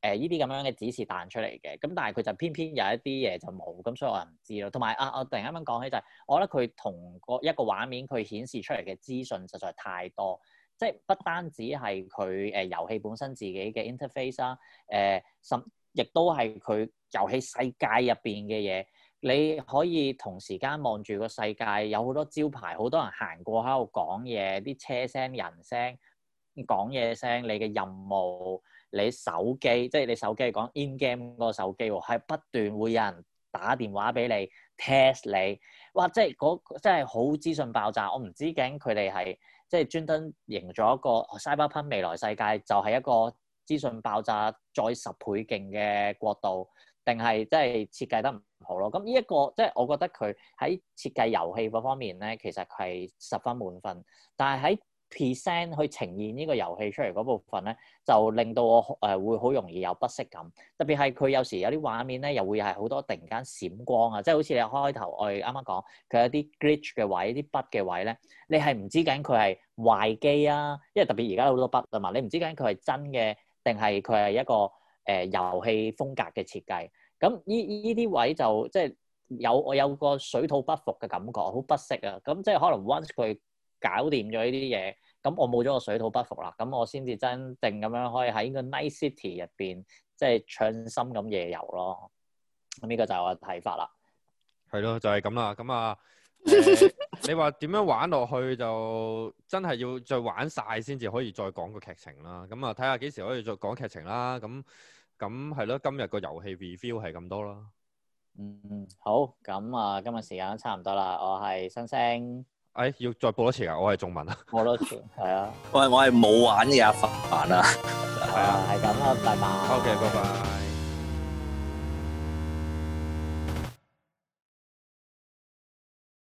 誒呢啲咁樣嘅指示彈出嚟嘅，咁但係佢就偏偏有一啲嘢就冇，咁所以我唔知咯。同埋啊，我突然間講起就係、是，我覺得佢同個一個畫面佢顯示出嚟嘅資訊實在太多，即係不單止係佢誒遊戲本身自己嘅 interface 啊、呃，誒，甚亦都係佢遊戲世界入邊嘅嘢，你可以同時間望住個世界，有好多招牌，好多人行過喺度講嘢，啲車聲、人聲、講嘢聲，你嘅任務。你手機即係你手機係講 in game 個手機喎，係不斷會有人打電話俾你 test 你，哇！即係嗰真係好資訊爆炸。我唔知竟佢哋係即係專登營咗一個《Cyberpunk 未來世界》，就係、是、一個資訊爆炸再十倍勁嘅國度，定係即係設計得唔好咯？咁呢一個即係我覺得佢喺設計遊戲嗰方面咧，其實係十分滿分，但係喺 percent 去呈現呢個遊戲出嚟嗰部分咧，就令到我誒、呃、會好容易有不適感。特別係佢有時有啲畫面咧，又會係好多突然間閃光啊，即係好似你開頭我哋啱啱講佢有啲 glitch 嘅位、啲 bug 嘅位咧，你係唔知緊佢係壞機啊，因為特別而家好多 bug 啊嘛，你唔知緊佢係真嘅定係佢係一個誒、呃、遊戲風格嘅設計。咁呢呢啲位就即係有我有個水土不服嘅感覺，好不適啊。咁即係可能 once 佢。搞掂咗呢啲嘢，咁我冇咗個水土不服啦，咁我先至真定咁樣可以喺個 Night City 入邊，即係暢心咁夜遊咯。咁呢個就係我嘅睇法啦。係咯，就係咁啦。咁啊，呃、 你話點樣玩落去就真係要再玩晒先至可以再講個劇情啦。咁啊，睇下幾時可以再講劇情啦。咁咁係咯，今日個遊戲 review 係咁多啦。嗯，好。咁啊、呃，今日時間差唔多啦。我係新星。哎，要再播一次啊， 我係中文啊，播多次，係啊，我係我係冇玩嘅阿佛凡啊，係啊，係咁啊，拜拜。OK，拜拜。